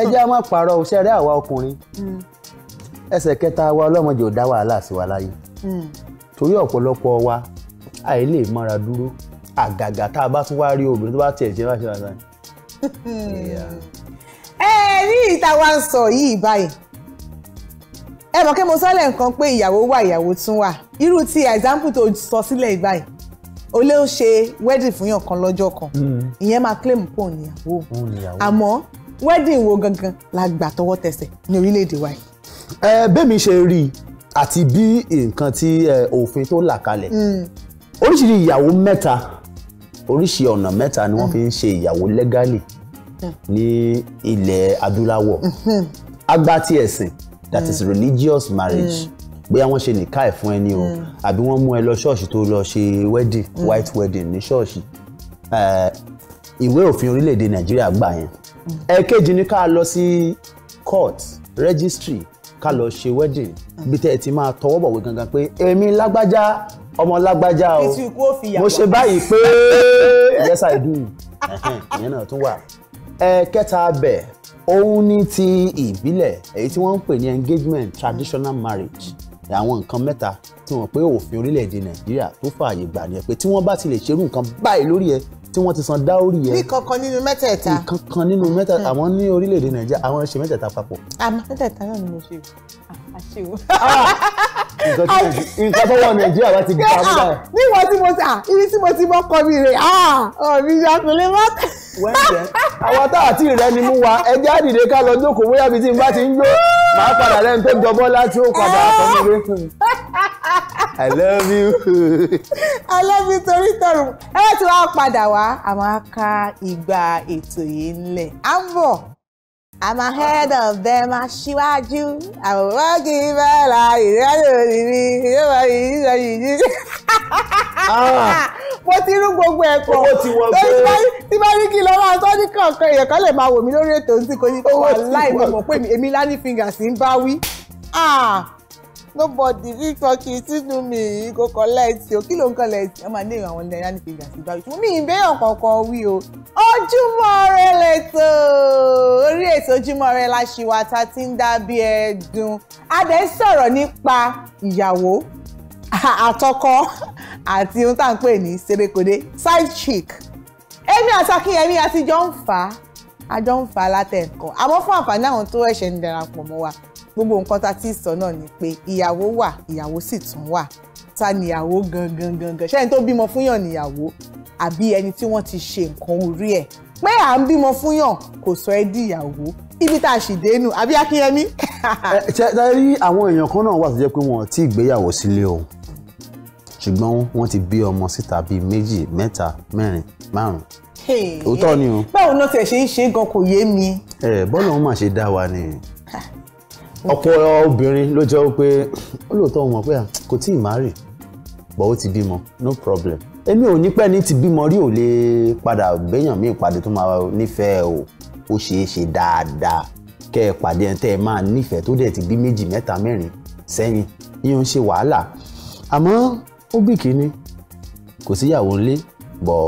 ẹ jẹ́ àwọn àpàrọ̀ òṣèré àwa ọkùnrin mm. ẹsẹ̀ kẹta wa ọlọ́mọdé ò dá wàhálà sí wa láyé mm. torí ọ̀pọ̀lọpọ̀ wa àì lè mọ́ra dúró àgàgà tá a bá tún wá rí obìnrin tó bá tiẹ̀ ṣe máṣe máṣe. [LAUGHS] ẹ rí ìta wa ń sọ yìí báyìí ẹ mọ̀ kí mo sọ́lẹ̀ nǹkan pé ìyàwó wà ìyàwó tún wà irú ti example tó sọ sílẹ̀ ìbáyìí o lè ṣe wedding fún yàn kan lọ́jọ́ kan hmm. ìyẹn máa claim pé níyàwó àmọ́ wedding wo gangan la gbà tọwọ́ tẹsẹ̀ ní orílẹ̀-èdè wa yìí. ẹ bẹ́ẹ̀ mi ṣe rí i àti bí nǹkan tí òfin tó là kalẹ̀ hmm. oríṣiríṣi ìyàwó mẹ́ta oríṣi ọ̀nà mẹ́ta ni wọ́n fi ń ṣe ìyàwó lẹ́gálì ní ilẹ̀ adúláwọ̀ agbá ti ẹ̀sìn that is religious marriage. bóyá wọ́n ṣe nìka ẹ̀ fún ẹni o àbí wọ́n mú ẹ lọ ṣọ́ọ̀ṣì tó lọ ṣe wedding white wedding ní ṣọ́ọ̀ṣì ìwé òfin orílẹ̀-èdè nàìjíríà gbà yẹn ẹ̀ẹ̀kejì ni ká lọ sí court registry ká lọ ṣe wedding bí tẹ́ ẹ ti máa tọwọ́ bọ̀wé gangan pé èmi lágbájá ọmọ lágbájá o mo ṣe báyìí pé yes I do ìyẹn náà tún wà ẹ̀ẹ̀kẹta abẹ̀ òun ní ti ìbílẹ̀ èyí tí wọ́n ń pè ní engagement traditional marriage àwọn nǹkan mẹ́ta tí wọ́n pé òfin orílẹ̀-èdè nàìjíríà tó fààyè gbà ni ẹ̀ pé tí wọ́n bá ti lè ṣerú nǹkan báyìí lórí ẹ tí wọ́n ti san dáórì yẹn. ní kankan nínú mẹ́tẹ̀ẹ̀ta. ní kankan nínú mẹ́tẹ̀ẹ̀ta hmm. àwọn ní orílẹ̀-èdè nàìjíríà àwọn ṣe mẹ́tẹ̀ẹ̀ta papọ̀. àmọ́ mẹ́tẹ̀ẹ̀ta náà ni mo ṣe àṣewò. nǹkan tó wọ nàìjíríà bá gbà á múlá. níwọ̀n tí mo ta ah, ibi tí mo ti mọ́ kọ́ mi rè ah, ọ̀mí ìyàpẹ̀lẹ̀ má. wẹ́ẹ̀dẹ̀ àwọn tá rẹ ni mú wa ẹjẹ́ àdìde ká lọ jókòó bóyá bíi tí n bá ti ń jó màá padà lẹ́nu tó jọbọ́ láti ó padà àtọ́mọ́ lé I love you. I love you torí tọrùn. Ẹ tí wàá padà wá, àmọ́ a ká ìgbà ètò yìí ńlẹ̀. À ń bọ̀. I'm ahead of them aṣíwájú I'm working well I ìrẹ́lẹ̀ òní mi ìjọba yìí ìjọba yìí. mo ti rú gbogbo ẹ̀ pọ̀ tí bá rí kí lọ wá sọ ní kankan èèyàn kan lè máa wò mí lórí ètò tí kò ní kó wà láì mọ̀ pé èmi lá ní fingers ń bá wí. Ah nobody fit talk you still do me go collect o kí ló ń collect ẹ máa ní ìrànwọ́ ní náírà nìkejì àti ìgbà yìí mi ìbéèyàn kankan wí o ojúmọ́ ire lẹ́tọ̀ orí ètò ojúmọ́ ire la ṣì wà tá a ti ń dábí ẹ̀dùn adé sọ̀rọ̀ nípa ìyàwó àtọkọ àti ohun tá à ń pè ní serekode side chick èmi àti Akínyẹmí àtijọ́ ń fà á àjọ ń fà á látẹ̀kọ́ àmọ́ fún àǹfààní àwọn tó ẹ̀ṣẹ̀ ń darapọ̀ mọ́ wa gbogbo nǹkan tá a ti sọ náà ni pé ìyàwó wà ìyàwó sì tún wà ta níyàwó gangan gangan ṣẹ́ni tó bímọ fúnyàn níyàwó àbí ẹni tí wọ́n ti ṣe nǹkan orí ẹ̀ pé à ń bímọ fúnyàn kò sọ ẹ́ dìyàwó ibi tá a sì dénú àbí akínyẹmí. [LAUGHS] ṣe rí àwọn èèyàn kan náà wà tó jẹ́ pé wọn ò tí ì gbéyàwó sílé o ṣùgbọ́n wọ́n ti bí ọmọ síta bíi méjì mẹ́ta mẹ́rin márùn-ún òótọ́ ni o. báwo náà tẹ̀ ṣe é gan kò yé mi. ẹ bọ́lá wọn máa ṣe dá wa ni ọ̀pọ̀ obìnrin ló jẹ́ pé ó lóòótọ́ wọn pé kò tí ì má rì bọ́ ó ti bímọ no problem èmi ò ní pẹ́ ní ti bímọ rí ò lè padà gbéyàn mí ìpàdé tó máa nífẹ̀ẹ́ o ó ṣeé ṣe dáadáa kẹ́ ẹ pàdé ẹ̀ tẹ́ ẹ máa nífẹ̀ẹ́ tó dẹ̀ ti bí méjì mẹ́ta mẹ́rin sẹ́yìn yíyan ṣe wàhálà àmọ́ ó bí kínní kò síyàwó ńlé bọ̀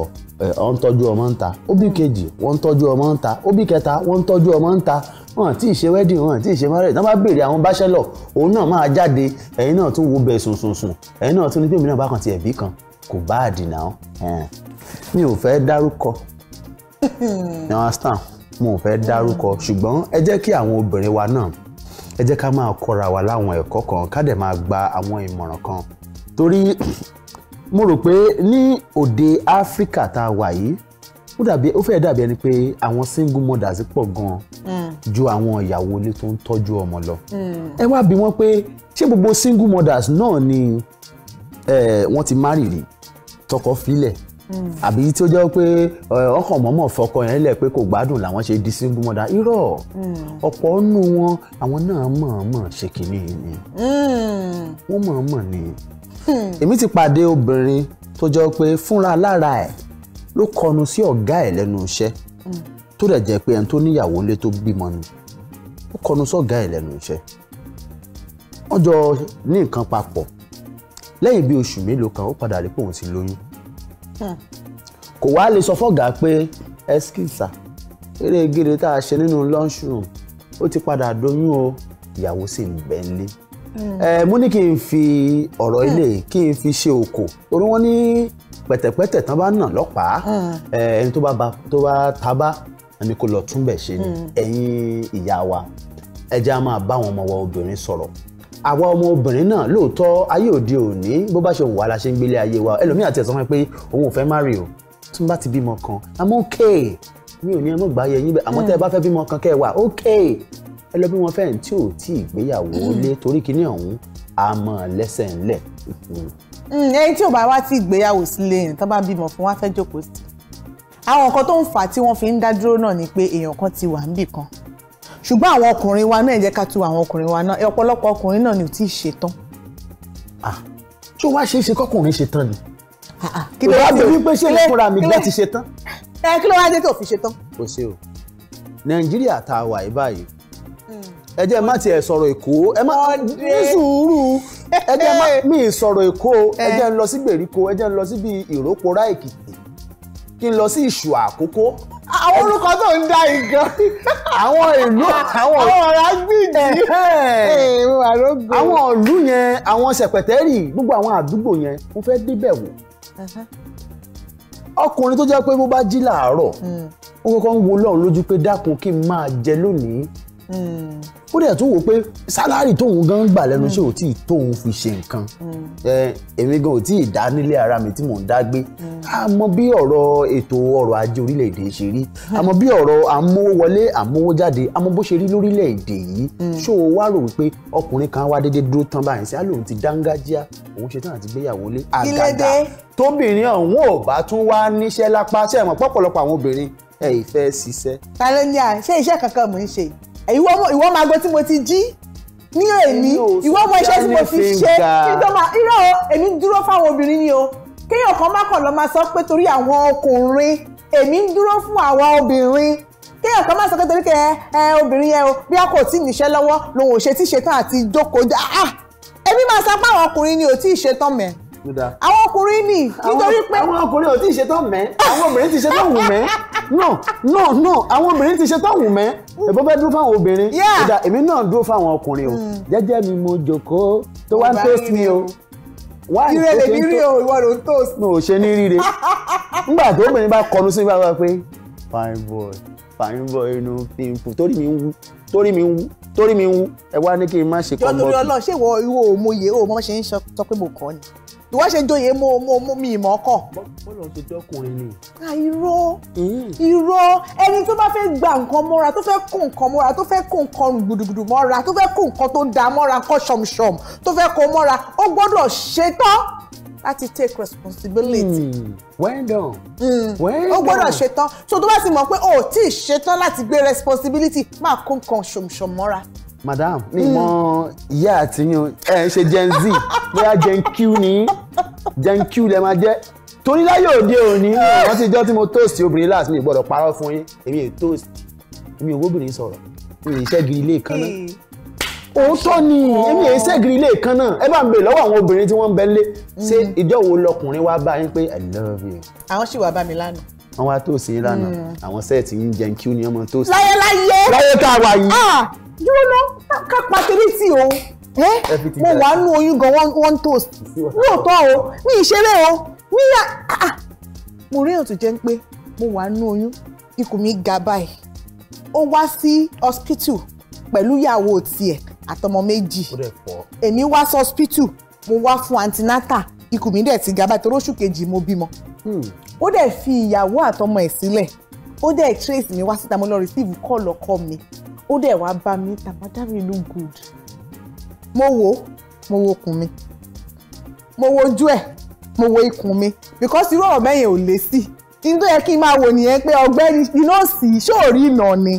eh, ọ̀ ń tọ́jú ọmọ ń ta ó bí kejì wọ́n ń tọ́jú ọmọ ń ta ó bí kẹta wọ́n ń tọ́jú ọmọ ń ta wọn àti ìṣe wedding wọn àti ìṣe marriage tán bá béèrè àwọn bachelor òun náà máa jáde ẹ̀yin náà tún wo bẹ̀ sùnsùnsùn ẹ̀yin náà tún ní pèmí náà bá kàn ti ẹ̀bí kan kò bá àdìnà mi ò fẹ́ dárúkọ understand mo ò fẹ́ dárúkọ ṣùgbọ́n ẹ jẹ́ kí àwọn obìnrin wa náà ẹ jẹ́ ká máa kọ́ra wa láwọn ẹ̀kọ́ kan ká dẹ̀ máa gba àwọn ìmọ̀ràn kan torí mo rò pé ní òde Áfíríkà tá a wà yìí ó dàbí ó fẹ́ẹ́ dàbí ẹni pé àwọn single mothers pọ̀ gan-an hmm. ju àwọn ìyàwó ilé tó ń tọ́jú ọmọ lọ. Hmm. ẹ wá bí wọ́n pé ṣé gbogbo single mothers náà ni wọ́n ti má rìrì tọkọ filẹ̀ hmm. àbí tí ó jẹ́ pé ọkàn mọ́mọ́ fọkọ yẹn lẹ̀ pé kò gbádùn làwọn ṣe di single mother irọ́ ọ̀pọ̀ nù wọn àwọn náà mọ̀ọ́mọ̀ ṣe kìíní ni wọ́n mọ̀ọ́mọ̀ ni èmi ti pàdé obìnrin tó jọ pé fúnra lára ẹ̀ ló kọnu sí ọ̀gá ẹ̀ lẹ́nu iṣẹ́ mm. tó dẹ̀ jẹ́ pé ẹni tó níyàwó lé tó bímọ ni ó kọnu sọ́gá ẹ̀ lẹ́nu iṣẹ́ wọ́n jọ ní nǹkan papọ̀ lẹ́yìn bíi oṣù mélòó kan ó padà rí pé òun lóyún hmm. kò wá lè sọ fọ́gà pé ẹ́skìsà eré gírí tá a ṣe nínú lunchroom ó ti padà doyún o ìyàwó sì ń bẹ nílé hmm. ẹ mo ní kí n fi ọ̀rọ̀ hmm. ilé kí n fi ṣe òkò torí wọ́n ní pẹ̀tẹ̀pẹ̀tẹ̀ tán bá nà lọ́pàá ah. ẹni tó bá tó bá tabá ẹni kò lọ túnbẹ̀ ṣe ni hmm. ẹ̀yin ìyá wa ẹ jẹ́ á máa bá àwọn ọmọ wa obìnrin sọ̀rọ̀ àwa ọmọ obìnrin náà lóòótọ́ ayé òde òní bó bá ṣe wà la ṣe ń gbélé ayé wa ẹlòmíràn ti ẹ̀ sọ fún mi pé òun ò fẹ́ má rí o tún bá ti bímọ kan àmọ́ òkè mi ò ní ẹmọ gbà yẹ yín bẹ àmọ́ tẹ́ ẹ hmm. bá fẹ́ bímọ kan kẹ́ ẹ wà òkè ẹ lọ bí wọn fẹ́ tí ò tí ì gbéyàwó hmm. lé torí kinní ọ̀hún àmọ́ lẹ́sẹ̀ ńlẹ̀ Hmm, ẹni tí ò wá tí ìgbéyàwó sílé yẹn tó bá bímọ fún wa fẹ́ jókòó sí àwọn nǹkan tó ń fà tí wọ́n fi ń dá dúró náà ni pé èèyàn kan ti wà níbì kan ṣùgbọ́n àwọn ọkùnrin wa náà jẹ́ ká tu àwọn ọkùnrin wa náà ọ̀pọ̀lọpọ̀ ọkùnrin náà ni ò tí ì ṣetán. Ah, ṣé wàá ṣe é ṣe kọkùnrin ṣetán ni. Ah, ah, kí wá dé wípé ṣé ìfúnra mi gbọ́ ti ṣetán. ẹ eh, wá dé tó fi ṣetán. kò sí o nàìjíríà tá wà yìí báyìí hmm ẹ jẹ́ má tiẹ̀ sọ̀rọ̀ èkó ẹ má ní sùúrù ẹ jẹ́ má [LAUGHS] mi sọ̀rọ̀ èkó ẹ eh. jẹ́ ń lọ sí gbèríko ẹ jẹ́ ń lọ síbi ìrókòrá èkìtì kí n lọ sí ìṣù àkókó àwọn orúkọ tó ń da ìgan. àwọn ìlú ah, àwọn ọ̀rágbìjì eh, eh. àwọn ìlú yẹn àwọn sẹ̀pẹ̀tẹ́rì gbogbo àwọn àdúgbò yẹn mo fẹ́ débẹ̀ wò. Uh-huh. ọkùnrin tó jẹ́ pé bó bá jí làárọ̀ hmm. ó kọ́kọ́ ń wo lọ́run lójú pé dákun kí n máa jẹ lónìí ó dẹ̀ tún wò pé sálárì tóun gan gbà lẹ́nu iṣẹ́ ò tí ì tóun fi ṣe nǹkan èmi gan ò tí ì dá nílé ara mi tí mò ń dá gbé a mọ bí ọ̀rọ̀ ètò ọrọ̀ ajé orílẹ̀-èdè ṣe rí a mọ bí ọ̀rọ̀ amówówọlé amówójáde a mọ bó ṣe rí lórílẹ̀-èdè yìí ṣó o wá rò wípé ọkùnrin kan wá déédéé dúró tán báyìí sí àlòun ti dángájíá òun ṣetán àti gbéyàwó lé àgàgà tóbìnrin ọ̀hún ò bá tún wá níṣẹ́ lápá ṣe é mọ̀ pọ̀pọ̀lọpọ̀ àwọn obìnrin ẹ̀ ìfẹ́ ṣiṣẹ́. ta ló ní à ṣé iṣẹ́ kankan mò ń ṣe yìí ìwọ ọmọ àgbo tí mo ti jí ní èmi ìwọ ọmọ iṣẹ́ tí mo ti ṣe irọ́ èmi dúró fáwọn obìnrin ni o kéèyàn kan má kàn lọ máa sọ pé torí àwọn ọkùnrin èmi ń dúró fún àwọn obìnrin kéèyàn kan má sọ pé torí kẹ ẹ obìnrin yẹn o bí a kò tí ì níṣẹ́ lọ́wọ́ lòun ò ṣe tí ṣetán àti jókòó dá ah! èmi máa sọ pé àwọn ọkùnrin ni ò tí ì ṣetán mẹ́ẹ̀ àwọn ọkùnrin ni nítorí pé. àwọn ọkùnrin ò tí ì ṣe tán mẹ́ àwọn obìnrin ti ṣe tán wù mẹ́ no no no àwọn obìnrin ti ṣe tán wù mẹ́ èbó bẹ́ẹ̀ dúró fáwọn obìnrin ìdá èmi náà dúró fáwọn ọkùnrin o hmm. jẹ́jẹ́ mi mo jókòó tó wá ń toast mi o wá ìrẹ́ lè ní rí o ìwọ ló ń toast. mi ò ṣe ní ríre nígbà tó obìnrin bá kọnu sí mi báwa pé fine boy fine boy inú pimple torí mi ń wú torí mi ń wú torí mi ń wú ẹ wá ní kí n má ṣe kọ́ mọ́tò. jọ́dún lọ́lọ́ ṣé ìwọ ìwọ òmòye òmò ṣe ń sọ pé mo kọ́ ni bí wọ́n ṣe joyè mo mo mo mi ìmọ̀ ọkọ̀. bọ́lá tó jẹ́ ọkùnrin ni. à irọ́ hmm. irọ́ ẹni tó bá fẹ́ gba nǹkan mọ́ra tó fẹ́ kó nǹkan mọ́ra tó fẹ́ kó nǹkan gbùdùgbùdù mọ́ra tó fẹ́ kó nǹkan tó da mọ́ra nǹkan ṣọ̀mṣọ̀m tó fẹ́ kó mọ́ra ó gbọ́dọ̀ ṣetán láti take responsibility. Mm. well done. Hmm. ó gbọ́dọ̀ ṣetán so tó bá sì mọ̀ pé o ò tí ì ṣetán láti gbé responsibility máa kó nǹkan ṣọ̀mṣọ̀m mọ́ra madam mi hmm. mọ ìyá àti yín ẹ ń ṣe gen z bóyá gen q ni gen q lẹ máa jẹ torí láyé òde òní wọn ti jọ tí mo toast obìnrin last mi gbọ́dọ̀ parọ́ fún yín èmi è toast mi ò wóbìnrin sọ̀rọ̀ mi ò ṣẹ́gi ilé kan náà hmm. òótọ́ ni èmi è ṣẹ́gi ilé kan náà ẹ bá ń bè lọ́wọ́ àwọn obìnrin tí wọ́n ń bẹ lé ṣé hmm. ìjọ wo lọkùnrin wá bá yín pé i love you. àwọn sì wá bá mi lánàá wọ́n wá tóòsì lánàá àwọn sẹ́ẹ̀tì ń jẹun kí ó ní ọmọ tóòsì. láyé láyé láyé tá a wà yìí ah! dúró lọ ká pa tèmi tì o mo wà nù oyún gan one toast lóòótọ́ o ní ìṣeré o ní à ah, ah. mo rí ètò jẹ́ pé mo wà nù oyún ikùn mi ga báyìí ó wá sí hospital pẹ̀lú ìyàwó tiẹ̀ àtọmọ méjì èmi wá sí hospital mo wá fún antinata ikùn mi dẹ̀ ti ga báyìí torí kejì mo bímọ hmm. ó dẹ̀ fi ìyàwó àtọmọ ẹ̀ sílẹ̀ ó dẹ̀ trace mi wá síta mo lọ receive call ọkọ mi ó dẹ̀ wá bá mi tàbádá mi look good mo wo, mo wo okùn mi mo wo ojú ẹ̀ mo wo ikùn mi because irú ọ̀rọ̀ mẹ́yìn ò lè sí inú yẹ kí n máa wò nìyẹn pé ọ̀gbẹ́ni iná sì ṣóòrí ìnà ni.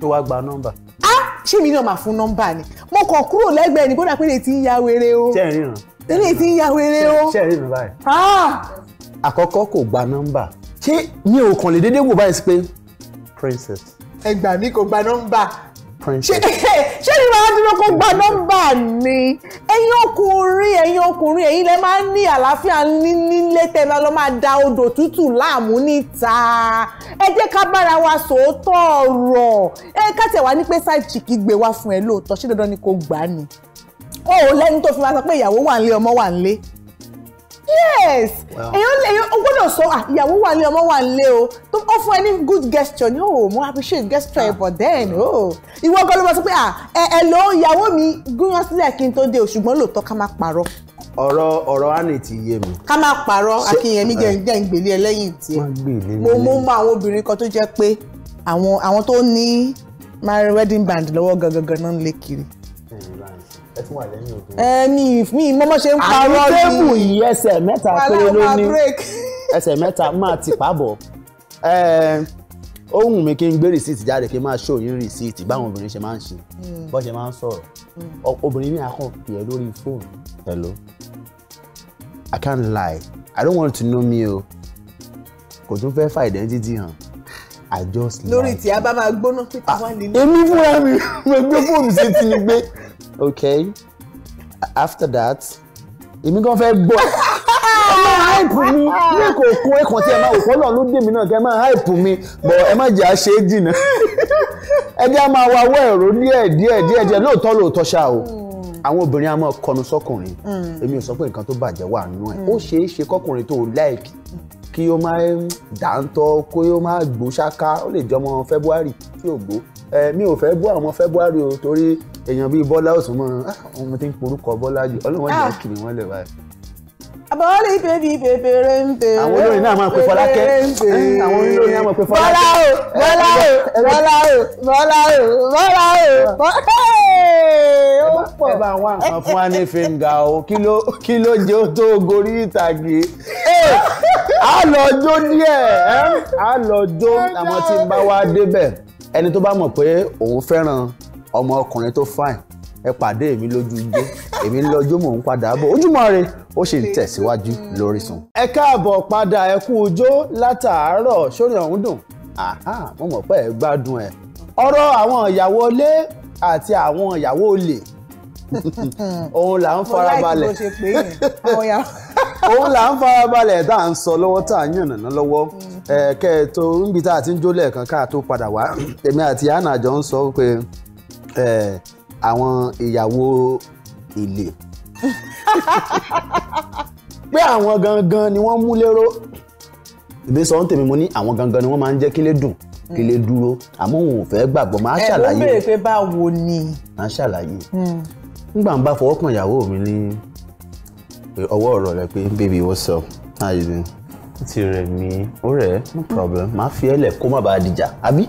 ló wá gba nọ́mbà. á ṣé mi náà máa fún nọ́mbà ni mo kàn kúrò lẹ́gbẹ̀ẹ́ ni kódà pé lè ti ń ya wèrè o. ṣé ẹ ríran. lè ti ń ya wèrè o. ṣé ẹ ríran báyìí. àkọ́kọ́ kò gba nọ́mbà ṣé mi ò kàn lè déédéé wò báyìí sí pé princess ẹ gbà mí kò gba nọ́mbà ṣé [LAUGHS] ṣé ní wàá dúró gba nọ́mbà ni ẹ̀yin ọkùnrin ẹ̀yin ọkùnrin ẹ̀yin lẹ máa ń ní àlàáfíà nílé tẹ́ máa lọ máa da odò tútù láàmú níta ẹ jẹ́ ká bára wa sòótọ́ ọ̀rọ̀ ẹ ká tẹ̀ wá ní pé side chick gbé wá fún ẹ lóòótọ́ ṣé dandan ni kò gbà ni o ò lẹ́ni tó fi máa sọ pé ìyàwó wà ń lé ọmọ wà ń lé yes èèyàn èèyàn o gbọ́dọ̀ sọ ah, ìyàwó wà nílé ọmọ wà nílé o tó ó fún ẹ ní good gesture ni o oh, mo appreciate gesture ẹ ah, but then o oh. ìwọ gan ló bá sọ pé ah, ẹ ẹ lọ ìyàwó mi gúnyán sílẹ̀ kí n tó dé o ṣùgbọ́n lóòótọ́ ká má parọ́. ọ̀rọ̀ ọ̀rọ̀ àná ti yé mi. ká má parọ́ akínyẹmí eh. jẹ́ ń gbèlé ẹlẹ́yìn tiẹ̀ mo mú àwọn obìnrin kan tó jẹ́ pé àwọn àwọn tó ní married wedding band lọ́wọ́ gangan náà ń lé kiri ẹ tún wà lẹ́yìn odò. ẹ mi mi mọ́mọ́ ṣe ń parọ́ ni. àti tébù yìí ẹsẹ̀ mẹ́ta péré ló ní ẹsẹ̀ mẹ́ta máa ti pàbọ̀ ohun mi kí n gbé rìsíìtì jáde kí n máa ṣòyìn rìsíìtì báwọn obìnrin ṣe máa ń ṣe hmm. bọ́n ṣe máa ń sọ̀rọ̀ hmm. obìnrin ní akọ̀ pè é lórí fóònù hello I can't lie I don't want to know me o kò tún fẹ́ fa identity hàn I just like lórí tí a bá máa gbóná pípa wá nílé. èmi fúnra mi mo gbé fóònù sí ti gbé okay after that èmi gan fẹ́ gbọ́ ẹ máa hype mi ní èkó kún ẹ̀kan tí ẹ máa òkú náà ló dé mi náà kẹ́ ẹ máa hype mi bọ̀ ẹ má jẹ́ àṣẹ jìnnà [LAUGHS] ẹ jẹ́ a máa wá wọ́ ẹ̀rọ díẹ̀ díẹ̀ díẹ̀ díẹ̀ lóòótọ́ lóòótọ́ ṣá o àwọn obìnrin a máa kọnu sọ́kùnrin mm. èmi ò sọ pé nǹkan tó bàjẹ́ wà nù ẹ̀ mm. ó ṣeé ṣe kọ́kùnrin tó like kí ó máa dáńtọ́ kó ó máa gbó ṣáká ó lè jọmọ February tí ò gbó mi ò fẹ́ bú àwọn February o torí èèyàn bíi bọ́lá ò súnmọ́ ah, ọmọ tí ń porúkọ bọ́lá jù ọlọ́wọ́n jẹ́ ah. kiri wọ́n lè báyìí. àbọ̀wọ́lì bèbí bèbè rèǹtè. àwọn olórin náà máa pe fọlákẹ́ ah, àwọn olórin náà máa pe fọlákẹ́. bọ́lá o bọ́lá o bọ́lá o bọ́lá o bọ́lá o ó pọ̀. ẹ bá wá nǹkan fún wa ní fíńgà o kí ló jẹ́ ó tó gorí ìtàgé a lọ jó díẹ̀ a lọ jó àwọn tí ń bá wa débẹ̀ ẹni tó bá mọ̀ pé òun fẹ́ràn ọmọ ọkùnrin tó fine ẹ pàdé èmi lójú igbó èmi ń lọjọ́ mò ń padà bọ̀ ojúmọ́ re ó sì ń tẹ̀síwájú lórísun. ẹ káàbọ̀ padà ẹ kú ojó látàárọ̀ sórí ọ̀hún dùn mo mọ̀ pé ẹ gbádùn ẹ. ọ̀rọ̀ àwọn ìyàwó ilé àti àwọn ìyàwó olè [LAUGHS] òun là ń farabalẹ̀ [LAUGHS] òun là ń farabalẹ̀ tá à ń sọ lọ́wọ́ tá à ń yànnàná lọ́wọ́ mm. kẹ́ ẹ tó níbi tá a ti ń jó lẹ́ẹ̀kan ká tó padà wá èmi àti hannah jọ ń sọ pé àwọn ìyàwó èlé [LAUGHS] pé àwọn gangan ni wọ́n mú lérò ìbí sọ ń tèmi mo ní àwọn gangan ni wọ́n máa ń jẹ́ kílé dùn kílé dúró àmọ́ òun ò fẹ́ gbàgbọ́ máa ṣàlàyé ẹ̀ ló bèrè pé báwo ni. máa ṣàlàyé hmm. nígbà ń bá fọwọ́ kàn ìyàwó mi ní ọwọ́ ọ̀rọ̀ rẹ pé baby what's up how you doing ti rẹ̀ mí ó rẹ̀ no problem máa fi ẹlẹ̀ kó má bàa dìjà àbí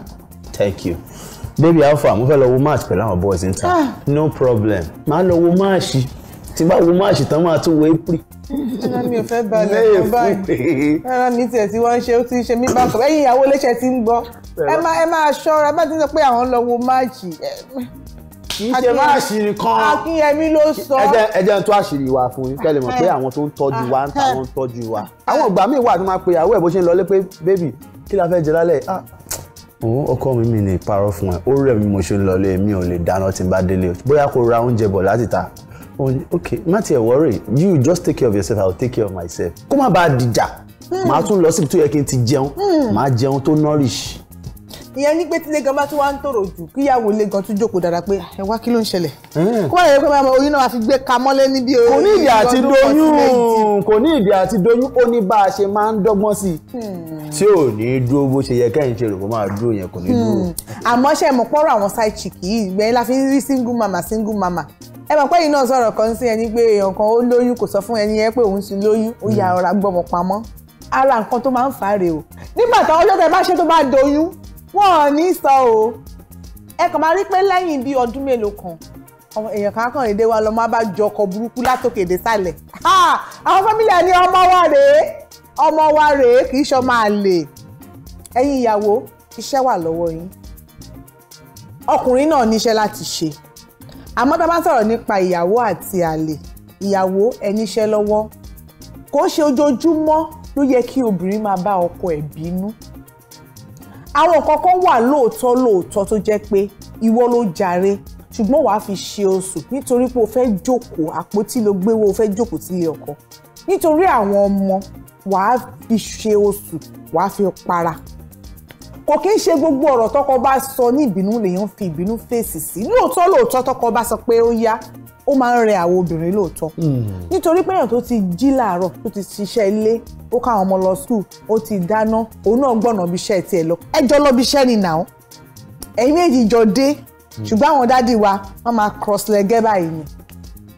thank you baby alpha mo fẹ́ lọ wo match pẹ̀lú àwọn boys níta ah. no problem máa lọ wo match tí bá wo match tán máa tún wo april. ara mi ò fẹ́ balẹ̀ fún báyìí ara mi tiẹ̀ tí wọ́n ń ṣe ó ti ń ṣe mí bákan ẹ̀yin ìyàwó léṣe ti ń gbọ́ ẹ máa ẹ máa ṣọ́ra bá ti sọ pé àwọn lọ wo match kìí ṣe má àṣírí kan akínyẹmí ló sọ ẹjẹ ẹjẹ ń tó àṣírí wa fún yín kẹlẹ mọ̀ pé ah. àwọn tó ń tọ́jú wa ń ta ah. wọn ń tọ́jú wa àwọn ìgbà míì wà tó máa pe àwọn ẹ bó ṣe ń lọlé pé bébì kí la fẹ́ jẹ lálẹ́ ah ọkọ mi mi ní parọ́ fún ẹ ó rẹ̀ mí mo ṣe ń lọlé mi ò lè dáná tí n bá délé bóyá kó ra oúnjẹ bọ̀ láti ta ok má tiẹ̀ worry you just take care of yourself i will take care of myself kó má bàa dìjà hmm. màá tún lọ síbi tó yẹ kí n ti jẹun hmm. màá jẹun tó nourish ìyẹn ní pé tílé gan bá tún wá ń tòrò jù kíyàwó lé gan tún jókòó dára pé ẹ wá kí ló ń ṣẹlẹ̀. Hmm. kó má yẹ pé máa oyún náà wá fi gbé kamọ́lé níbi oyún. kò ní ìdí àti doyún kò ní ìdí àti doyún ó ní bá a ṣe máa ń dọ́gbọ́n sí i. Hmm. tí ò ní dúró bó ṣe yẹ kẹ́hìn ṣe rò kó máa dúró yẹn kò ní dúró. Hmm. àmọ́ ṣe mọ̀ pọ́rọ̀ àwọn side chick yìí ìgbẹ́yìn la fi ń rí single mama single mama ẹ mọ̀ pé iná sọ̀rọ̀ kan sí ẹni pé èèyàn kan ó lóyún kò sọ fún ẹni yẹn pé òun ti lóyún ó ya ọ̀rá gbọ́mọ pamọ́ ara nǹkan tó máa ń fà á rèé o nígbà táwọn ọjọ́ tẹ bá ṣe tó bá doyún wọn ò ní sọ o ẹ kàn máa rí pé lẹ́yìn bíi ọdún mélòó kan èèyàn kan kàn èdè wa lọ́mọ bá jọ ọkọ̀ burúkú látòkè dé sàlẹ̀ àwọn fámìlì ẹni ọmọ wa rèé ọmọ wa rèé kì í ṣọ máa lè ẹ̀yin ìyàwó iṣẹ́ wà lọ́wọ́ yín ọkùnrin náà níṣẹ́ láti ṣe àmọ́ tá a bá sọ̀rọ̀ nípa ìyàwó àti àlè ìyàwó ẹ níṣẹ́ kò ṣe ojoojúmọ́ ló yẹ kí obìnrin máa bá ọkọ ẹ̀ bínú àwọn nǹkan kan wà lóòótọ́ lóòótọ́ tó jẹ́ pé ìwọ ló jàre ṣùgbọ́n wàá fi ṣe oṣù nítorí pé o fẹ́ jókòó àpótí ló gbé wo o fẹ́ jókòó sílé ọkọ nítorí àwọn ọmọ wàá fi ṣe oṣù wàá fi para kò kí ń ṣe gbogbo ọ̀rọ̀ tọkọ bá sọ ní ìbínú lèèyàn fi ìbínú fèsì sí lóòótọ́ lóòótọ́ tọkọ bá sọ pé ó yá ó máa ń rẹ àwọn obìnrin lóòótọ́ hmm. nítorí pé èèyàn tó ti jí làárọ̀ tó ti ṣiṣẹ́ ilé ó káwọn ọmọ lọ skul ó ti dáná òun náà gbọ̀nà bí iṣẹ́ tiẹ̀ lọ ẹjọ́ lọ iṣẹ́ ni nà ó ẹ̀yin méjì jọ dé hmm. ṣùgbọ́n àwọn dádì wa wọ́n máa cross lẹ́gẹ́ báyìí ni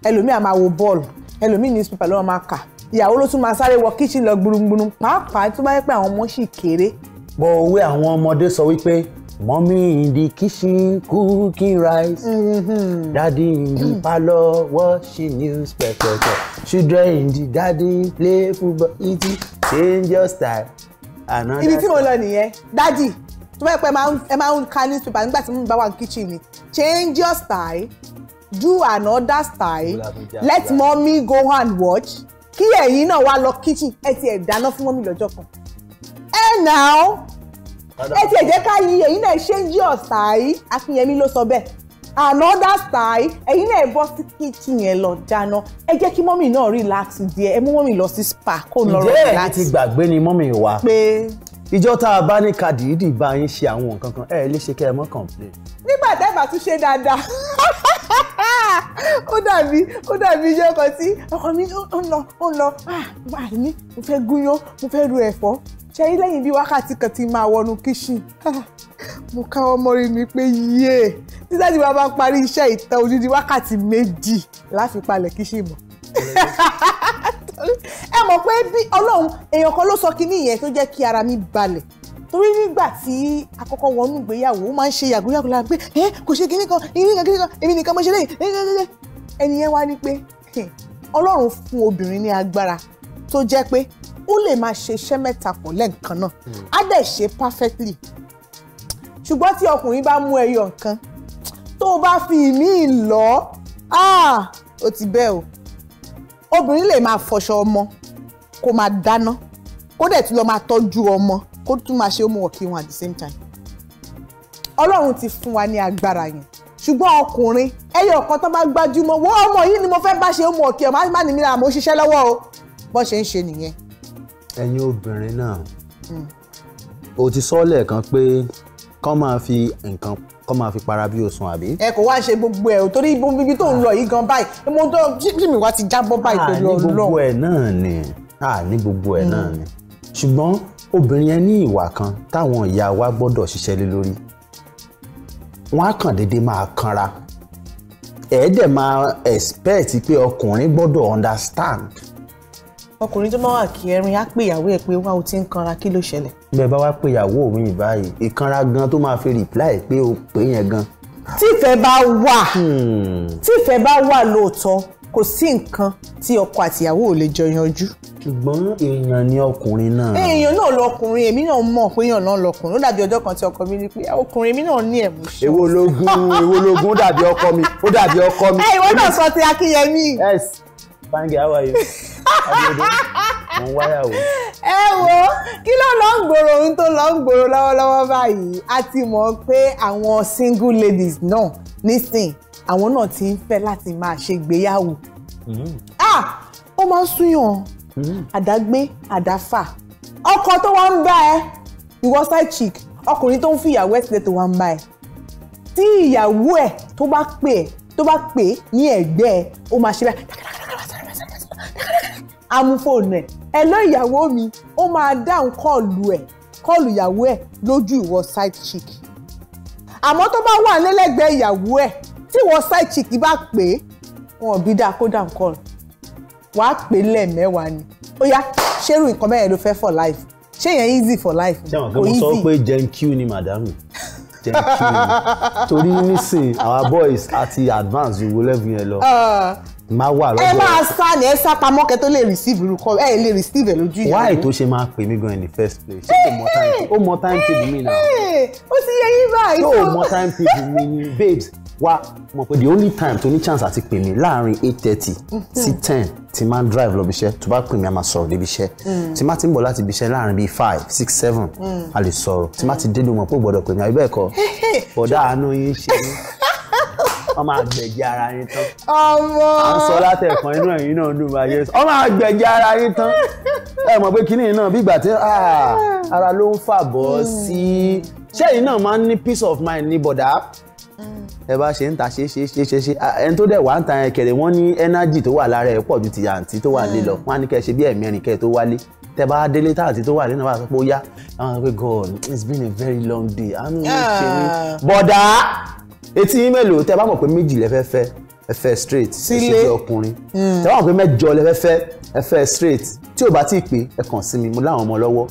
ẹlòmíì á máa wo bọ́ọ̀lù ẹlòmíì newspaper ló máa kà ìyàwó ló tún máa sáré wọ kíchìn lọ gbùrùngbùrùn pàápàá tó bá yẹ pé àwọn ọmọ ṣì kéré. bọ̀ òwe àwọn ọmọdé sọ wípé Mommy in the kitchen cooking rice. Mm-hmm. Daddy in the mm. parlor washing news. Children in the garden play football eating. Change your style. Another Ibi tí mo lọ nìyẹn, dádì, tó bá yẹ pé ẹ máa ń ka newspaper nígbà tí mo bá wà ní kitchen ni. Change your style, do another style, let mommy go and watch. Kí ẹ̀yin náà wá lọ kitchen, ẹ ti ẹ̀ dáná fún mọ́mí lọ́jọ́ kan. Ẹ náà ẹ tiẹ̀ jẹ́ ká yí èyí náà ṣe ń yí ọ̀sà yìí akínyẹmí ló sọ bẹ́ẹ̀ another style ẹ̀yin náà bọ́ sí kíchìn yẹn lọ dáná ẹ jẹ́ kí mọ́mì náà relax díẹ̀ ẹ mú mọ́mì lọ sí spa kó lọ relax. ǹjẹ́ ẹ ti gbàgbé ni mọ́mì wa pé ìjọ tá a bá ní ká dìídì bá yín ṣe àwọn nǹkan kan ẹ lè ṣe kẹ́ ẹ mọ́ complain. nígbà tẹ́ bá tún ṣe dáadáa [LAUGHS] ó dàbí ó dàbí iṣẹ́ kan tí ọkọ mi ó ń lọ ó ń lọ ah ní mo fẹ́ gúnyán mo fẹ́ ru ẹ̀fọ́ ṣe rí lẹ́yìn bí wákàtí kan ti máa wọnú kíṣìn ah, mo káwọ́ mọ́rí mi pé yé títí àti bàbá parí iṣẹ́ ìtàn ojú di wákàtí méjì láfi palẹ̀ kíṣìn mọ́ [LAUGHS] ẹ mọ̀ pé bí ọlọ́run èèyàn kan ló sọ kinní yẹn tó jẹ́ kí ara mi balẹ̀ torí nígbà tí àkọ́kọ́ wọnú ìgbéyàwó ó máa ń ṣe yàgòyàgò lára pé ẹ kò ṣe kinní kan èmi nìkan kinní kan èmi nìkan mo ṣe lẹ́yìn ẹni yẹn wá ní pé ọlọ́run fún obìnrin ní agbára tó jẹ́ pé ó lè máa ṣe iṣẹ́ mẹ́ta pọ̀ lẹ́ǹkan náà hmm. á dẹ̀ ṣe perfectly ṣùgbọ́n tí ọkùnrin bá mú ẹyọ nǹkan tó o bá fi ìmíì lọ ah, ó ti bẹ́ẹ̀ o obìnrin lè máa fọṣọ ọmọ kó máa dáná kó dẹ̀ tún lọ máa tọ́jú ọmọ kó tún máa ṣe homework wọn at the same time ọlọ́run ti fún wa ní agbára yẹn ṣùgbọ́n ọkùnrin ẹyọ ọ̀kan tó bá gbajúmọ̀ wọ́n ọmọ yìí ni mo fẹ́ bá ṣe homework ọmọ àti má nìmíra àmọ́ ó ṣiṣẹ́ lọ́wọ́ o bọ́n ṣe ń ṣe nìyẹn ẹ̀yin obìnrin náà hmm. o ti sọ lẹ́ẹ̀kan pé kọ́ máa fi nǹkan kọ́ máa fi para bí oṣù àbí. ẹ kò wá ṣe gbogbo ẹ o torí ibi tó ń lọ yìí gan báyìí mo tó jimmy wá ti jábọ́ báyìí pẹ̀lú ọlọ́run. ní gbogbo ẹ náà ni ní gbogbo ẹ náà ni ṣùgbọ́n obìnrin yẹn ní ìwà kan táwọn ìyá wa gbọ́dọ̀ ṣiṣẹ́ lé lórí wọn á kàn déédéé máa kanra ẹ dẹ̀ máa expect pé ọkùnrin gbọ́dọ̀ understand ọkùnrin tó máa wà kí ẹrin á pè ìyàwó ẹ̀ pé wá o ti ń kanra kí ló ṣẹlẹ̀. bẹ́ẹ̀ bá wá pè ìyàwó mi báyìí ìkanra gan tó máa fi rìpláì pé o pè yẹn gan. tífẹ̀ bá wà hmm. tífẹ̀ bá wà lóòótọ́ kò sí nǹkan tí ọkọ àtìyàwó ò lè jọ yanjú. ṣùgbọ́n èèyàn ni ọkùnrin náà. èèyàn náà lọkùnrin èmi náà mọ̀ pé èèyàn náà lọkùnrin ó dàbí ọjọ́ kan tí ọkọ mi ní pé ah, ọkùnrin mi náà ní ẹ̀mú ṣe. èwo lógún èwo lógún ó dàbí ọkọ mi ó dàbí ọkọ mi. [LAUGHS] ẹ ìwọ náà sọ ti akínyẹmí báńkì how are you abiodun mo ń wáyà o. ẹ wo kí ló lọ ń gbòòrò ohun tó lọ ń gbòòrò lọ́wọ́lọ́wọ́ báyìí a ti mọ̀ pé àwọn single ladies náà nísìn àwọn náà ti ń fẹ́ láti máa ṣègbéyàwó. Hmm. ah ó máa ń súyàn hmm. àdágbé àdáfà ọkọ tó wá ń bá ẹ ìwọ side chick ọkùnrin tó ń fi ìyàwó ẹ̀ sílẹ̀ tó wá ń bá ẹ tí ìyàwó ẹ̀ tó bá pè tó bá pè ní ẹ̀gbẹ́ ẹ̀ ó máa ṣe báyìí amúfóònù ẹ̀ ẹ lọ ìyàwó mi ó máa dáhùn kọ́ọ̀lù ẹ̀ kọ́ọ̀lù ìyàwó ẹ̀ lójú ìwọ side chick àmọ́ tó bá wà nílẹ̀gbẹ̀ẹ́ ìyàwó ẹ̀ tí ìwọ side chick bá pè é wọn ò bí dáa kó dáhùn kọ́ọ̀lù wàá pè é lẹ́ẹ̀mẹ́wàá ni ó yá ṣerú nǹkan mẹ́rin ló fẹ́ for life ṣé yẹn easy for life ni easy. ṣé àwọn akẹ́kọ̀ọ́ sọ pé gen q ni màdámù gen q [LAUGHS] torí nísìn our boys àti advance ju wo level yẹn lọ. Ah máa wà lọ́dọ̀ ẹ máa sá ni ẹ sá pamọ́ kẹ́ tó lè receive irú kọ́ ẹ lè receive ẹ lójú ìyàwó. why tó ṣe máa pè mí gan in the first place ṣé kò mọ time ó mọ time table mi náà. ó ti yẹ yín báyìí. yóò mọ time table mi ni [LAUGHS] babes wá mọ̀ pé the only time tó ní chance àti pè mí láàrin eight thirty mhm. sí ten tí máa ń drive lọ bí iṣẹ́ tó bá pè mí a máa sọ̀rọ̀ débi iṣẹ́ mm. tí máa ti ń bọ̀ láti ibi láàrin bíi five six seven mm. a lè sọ̀rọ̀ tí máa ti dé mọ̀ pé ó gbọ́dọ̀ pè mí àbí bẹ́ẹ̀ kọ́ bọ̀dá àánú yín ṣe mí. [LAUGHS] wọ́n máa gbẹ̀jẹ̀ ara yín tán. ọmọ à ń sọ látẹ̀kàn inú ẹ̀yìn náà dùn bá yẹn sọ wọ́n máa gbẹ̀jẹ̀ ara yín tán. ẹ mọ̀ pé kínní náà bí ìgbà tí ara ló ń fàbọ̀ sí i ṣẹ́yìn náà máa ń ní peace of mind ní bọ̀dá ẹ bá ṣe ń ta ṣe ṣe ṣe ṣe ṣe ẹni tó dẹ̀ wá ń ta yẹn kẹ̀rẹ̀ wọ́n ní ẹ́nájì tó wà lára ẹ̀ pọ̀ ju ti àǹtí tó wà lé lọ wọ́n á ní kẹ́ ṣe bí ẹ̀mẹ́rin kẹ́ tó wálé tẹ bá délé táàtì tó wà lẹ́nu bá sọ pé sọ pé God it's been a very long day àánú mi ṣe mí ah. bọ̀dá etí yín mélòó tẹ́ bá mọ̀ pé méjì lẹ fẹ́ fẹ́ ẹ fẹ́ straight sílé ẹ ṣe ọkùnrin hmm. tẹ́ bá mọ̀ pé mẹ́jọ lẹ fẹ́ fẹ́ ẹ fẹ́ straight tí ò bá tí ì pé ẹ kàn sí mi mo láwọn ọmọ lọ́wọ́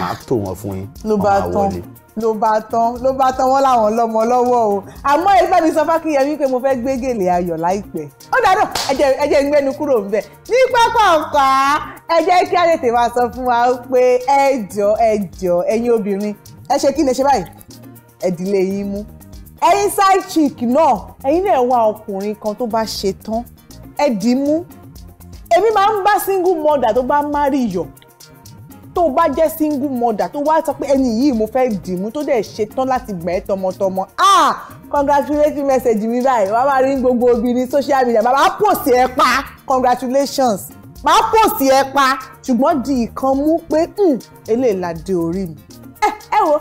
màá tó wọn fún yín ọmọ àwọlé ló bá tán ló bá tán wọn láwọn lọmọ lọ́wọ́ o àmọ́ ẹgbẹ́ mi sọ fákínyẹmí pé mo fẹ́ gbé gèlè ayọ̀ láìpẹ́ ó dáná ẹjẹ ẹjẹ gbẹnu kúrò ńbẹ̀ ní pápákọ̀ ẹ jẹ́ kí á tètè máa sọ fún wa pé ẹ jọ̀ọ́ ẹ jọ̀ọ́ ẹ̀yin obìnrin ẹ ṣe kí ni ṣe báyìí ẹdílé mú ẹ̀yin side chick náà ẹ̀yin náà wá ọkùnrin kan tó bá ṣe tán ẹ dì í mú èmi máa ń bá single mother tó bá marry yọ tó bá jẹ́ single mother tó wá sọ pé ẹni yìí mo fẹ́ dì í mú tó dẹ̀ ṣe tán láti gbà ẹ́ tọmọtọmọ ah congratulatory message mi báyìí wàá máa rí gbogbo obìnrin social media bàbá pòsì ẹ pa congratulations máa pòsì ẹ pa ṣùgbọ́n di ìkan mú pé hmm, eléèlà dé orí mi ẹ eh, ẹ wo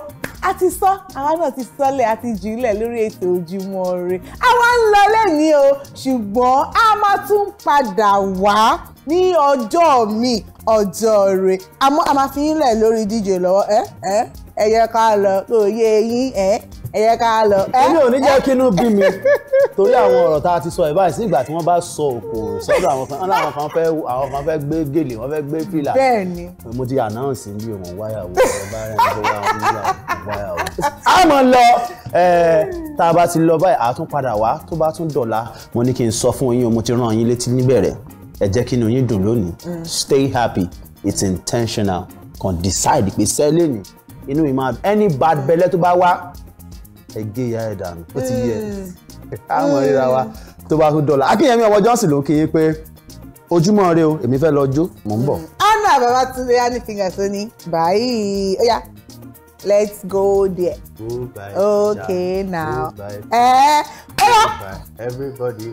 a ti sọ àwa náà ti sọlẹ̀ a ti jùlẹ̀ lórí ètò Ojúmọ́ Ire àwa ń lọ lẹ́ni o ṣùgbọ́n a máa tún padà wá ní ọjọ́ mi ọjọ́ rẹ̀ àmọ́ a máa fi yín lẹ̀ lórí díje lọ́wọ́ ẹ ẹ ẹ yẹ ká lọ kó yé yín ẹ ẹ yẹ ká lọ. èmi ò ní jẹ́ kí inú bí mi torí àwọn ọ̀rọ̀ tá a ti sọ ẹ̀ báyìí sí ìgbà tí wọ́n bá sọ òkò sọ́dọ̀ àwọn kan láwọn kan fẹ́ àwọn kan fẹ́ gbé gèlè wọ́n fẹ́ gbé fìlà. bẹ́ẹ̀ni. mo ti ànáùnsì bí òun wáyàwó ẹ bá rẹ̀ ń bá wáyàwó. a mọ̀ tá a bá ti lọ báyìí àtúnpadà wá tó bá tún dọ̀la mo ní kí n sọ fún yín o mo ti rán yín létí níbẹ̀rẹ̀ ẹ jẹ́ kí inú yín dùn lónìí mm. stay happy it's intentional kàn decide pé sẹ́lẹ̀ ni inú mi máa any bad belle tó bá wá ẹ gé ìyá ẹ̀ dànù ó ti yẹ àwọn mm. ríra wa tó bá tún dọ́là akínyẹmí ọwọ́ johnson ló kéye pé ojúmọ́ ire o èmi fẹ́ lọ jó mò ń bọ̀. Mm. anna babatunde honey fingers ó ní báyìí ó yá let's go there. okay now. eh, hello. Everybody.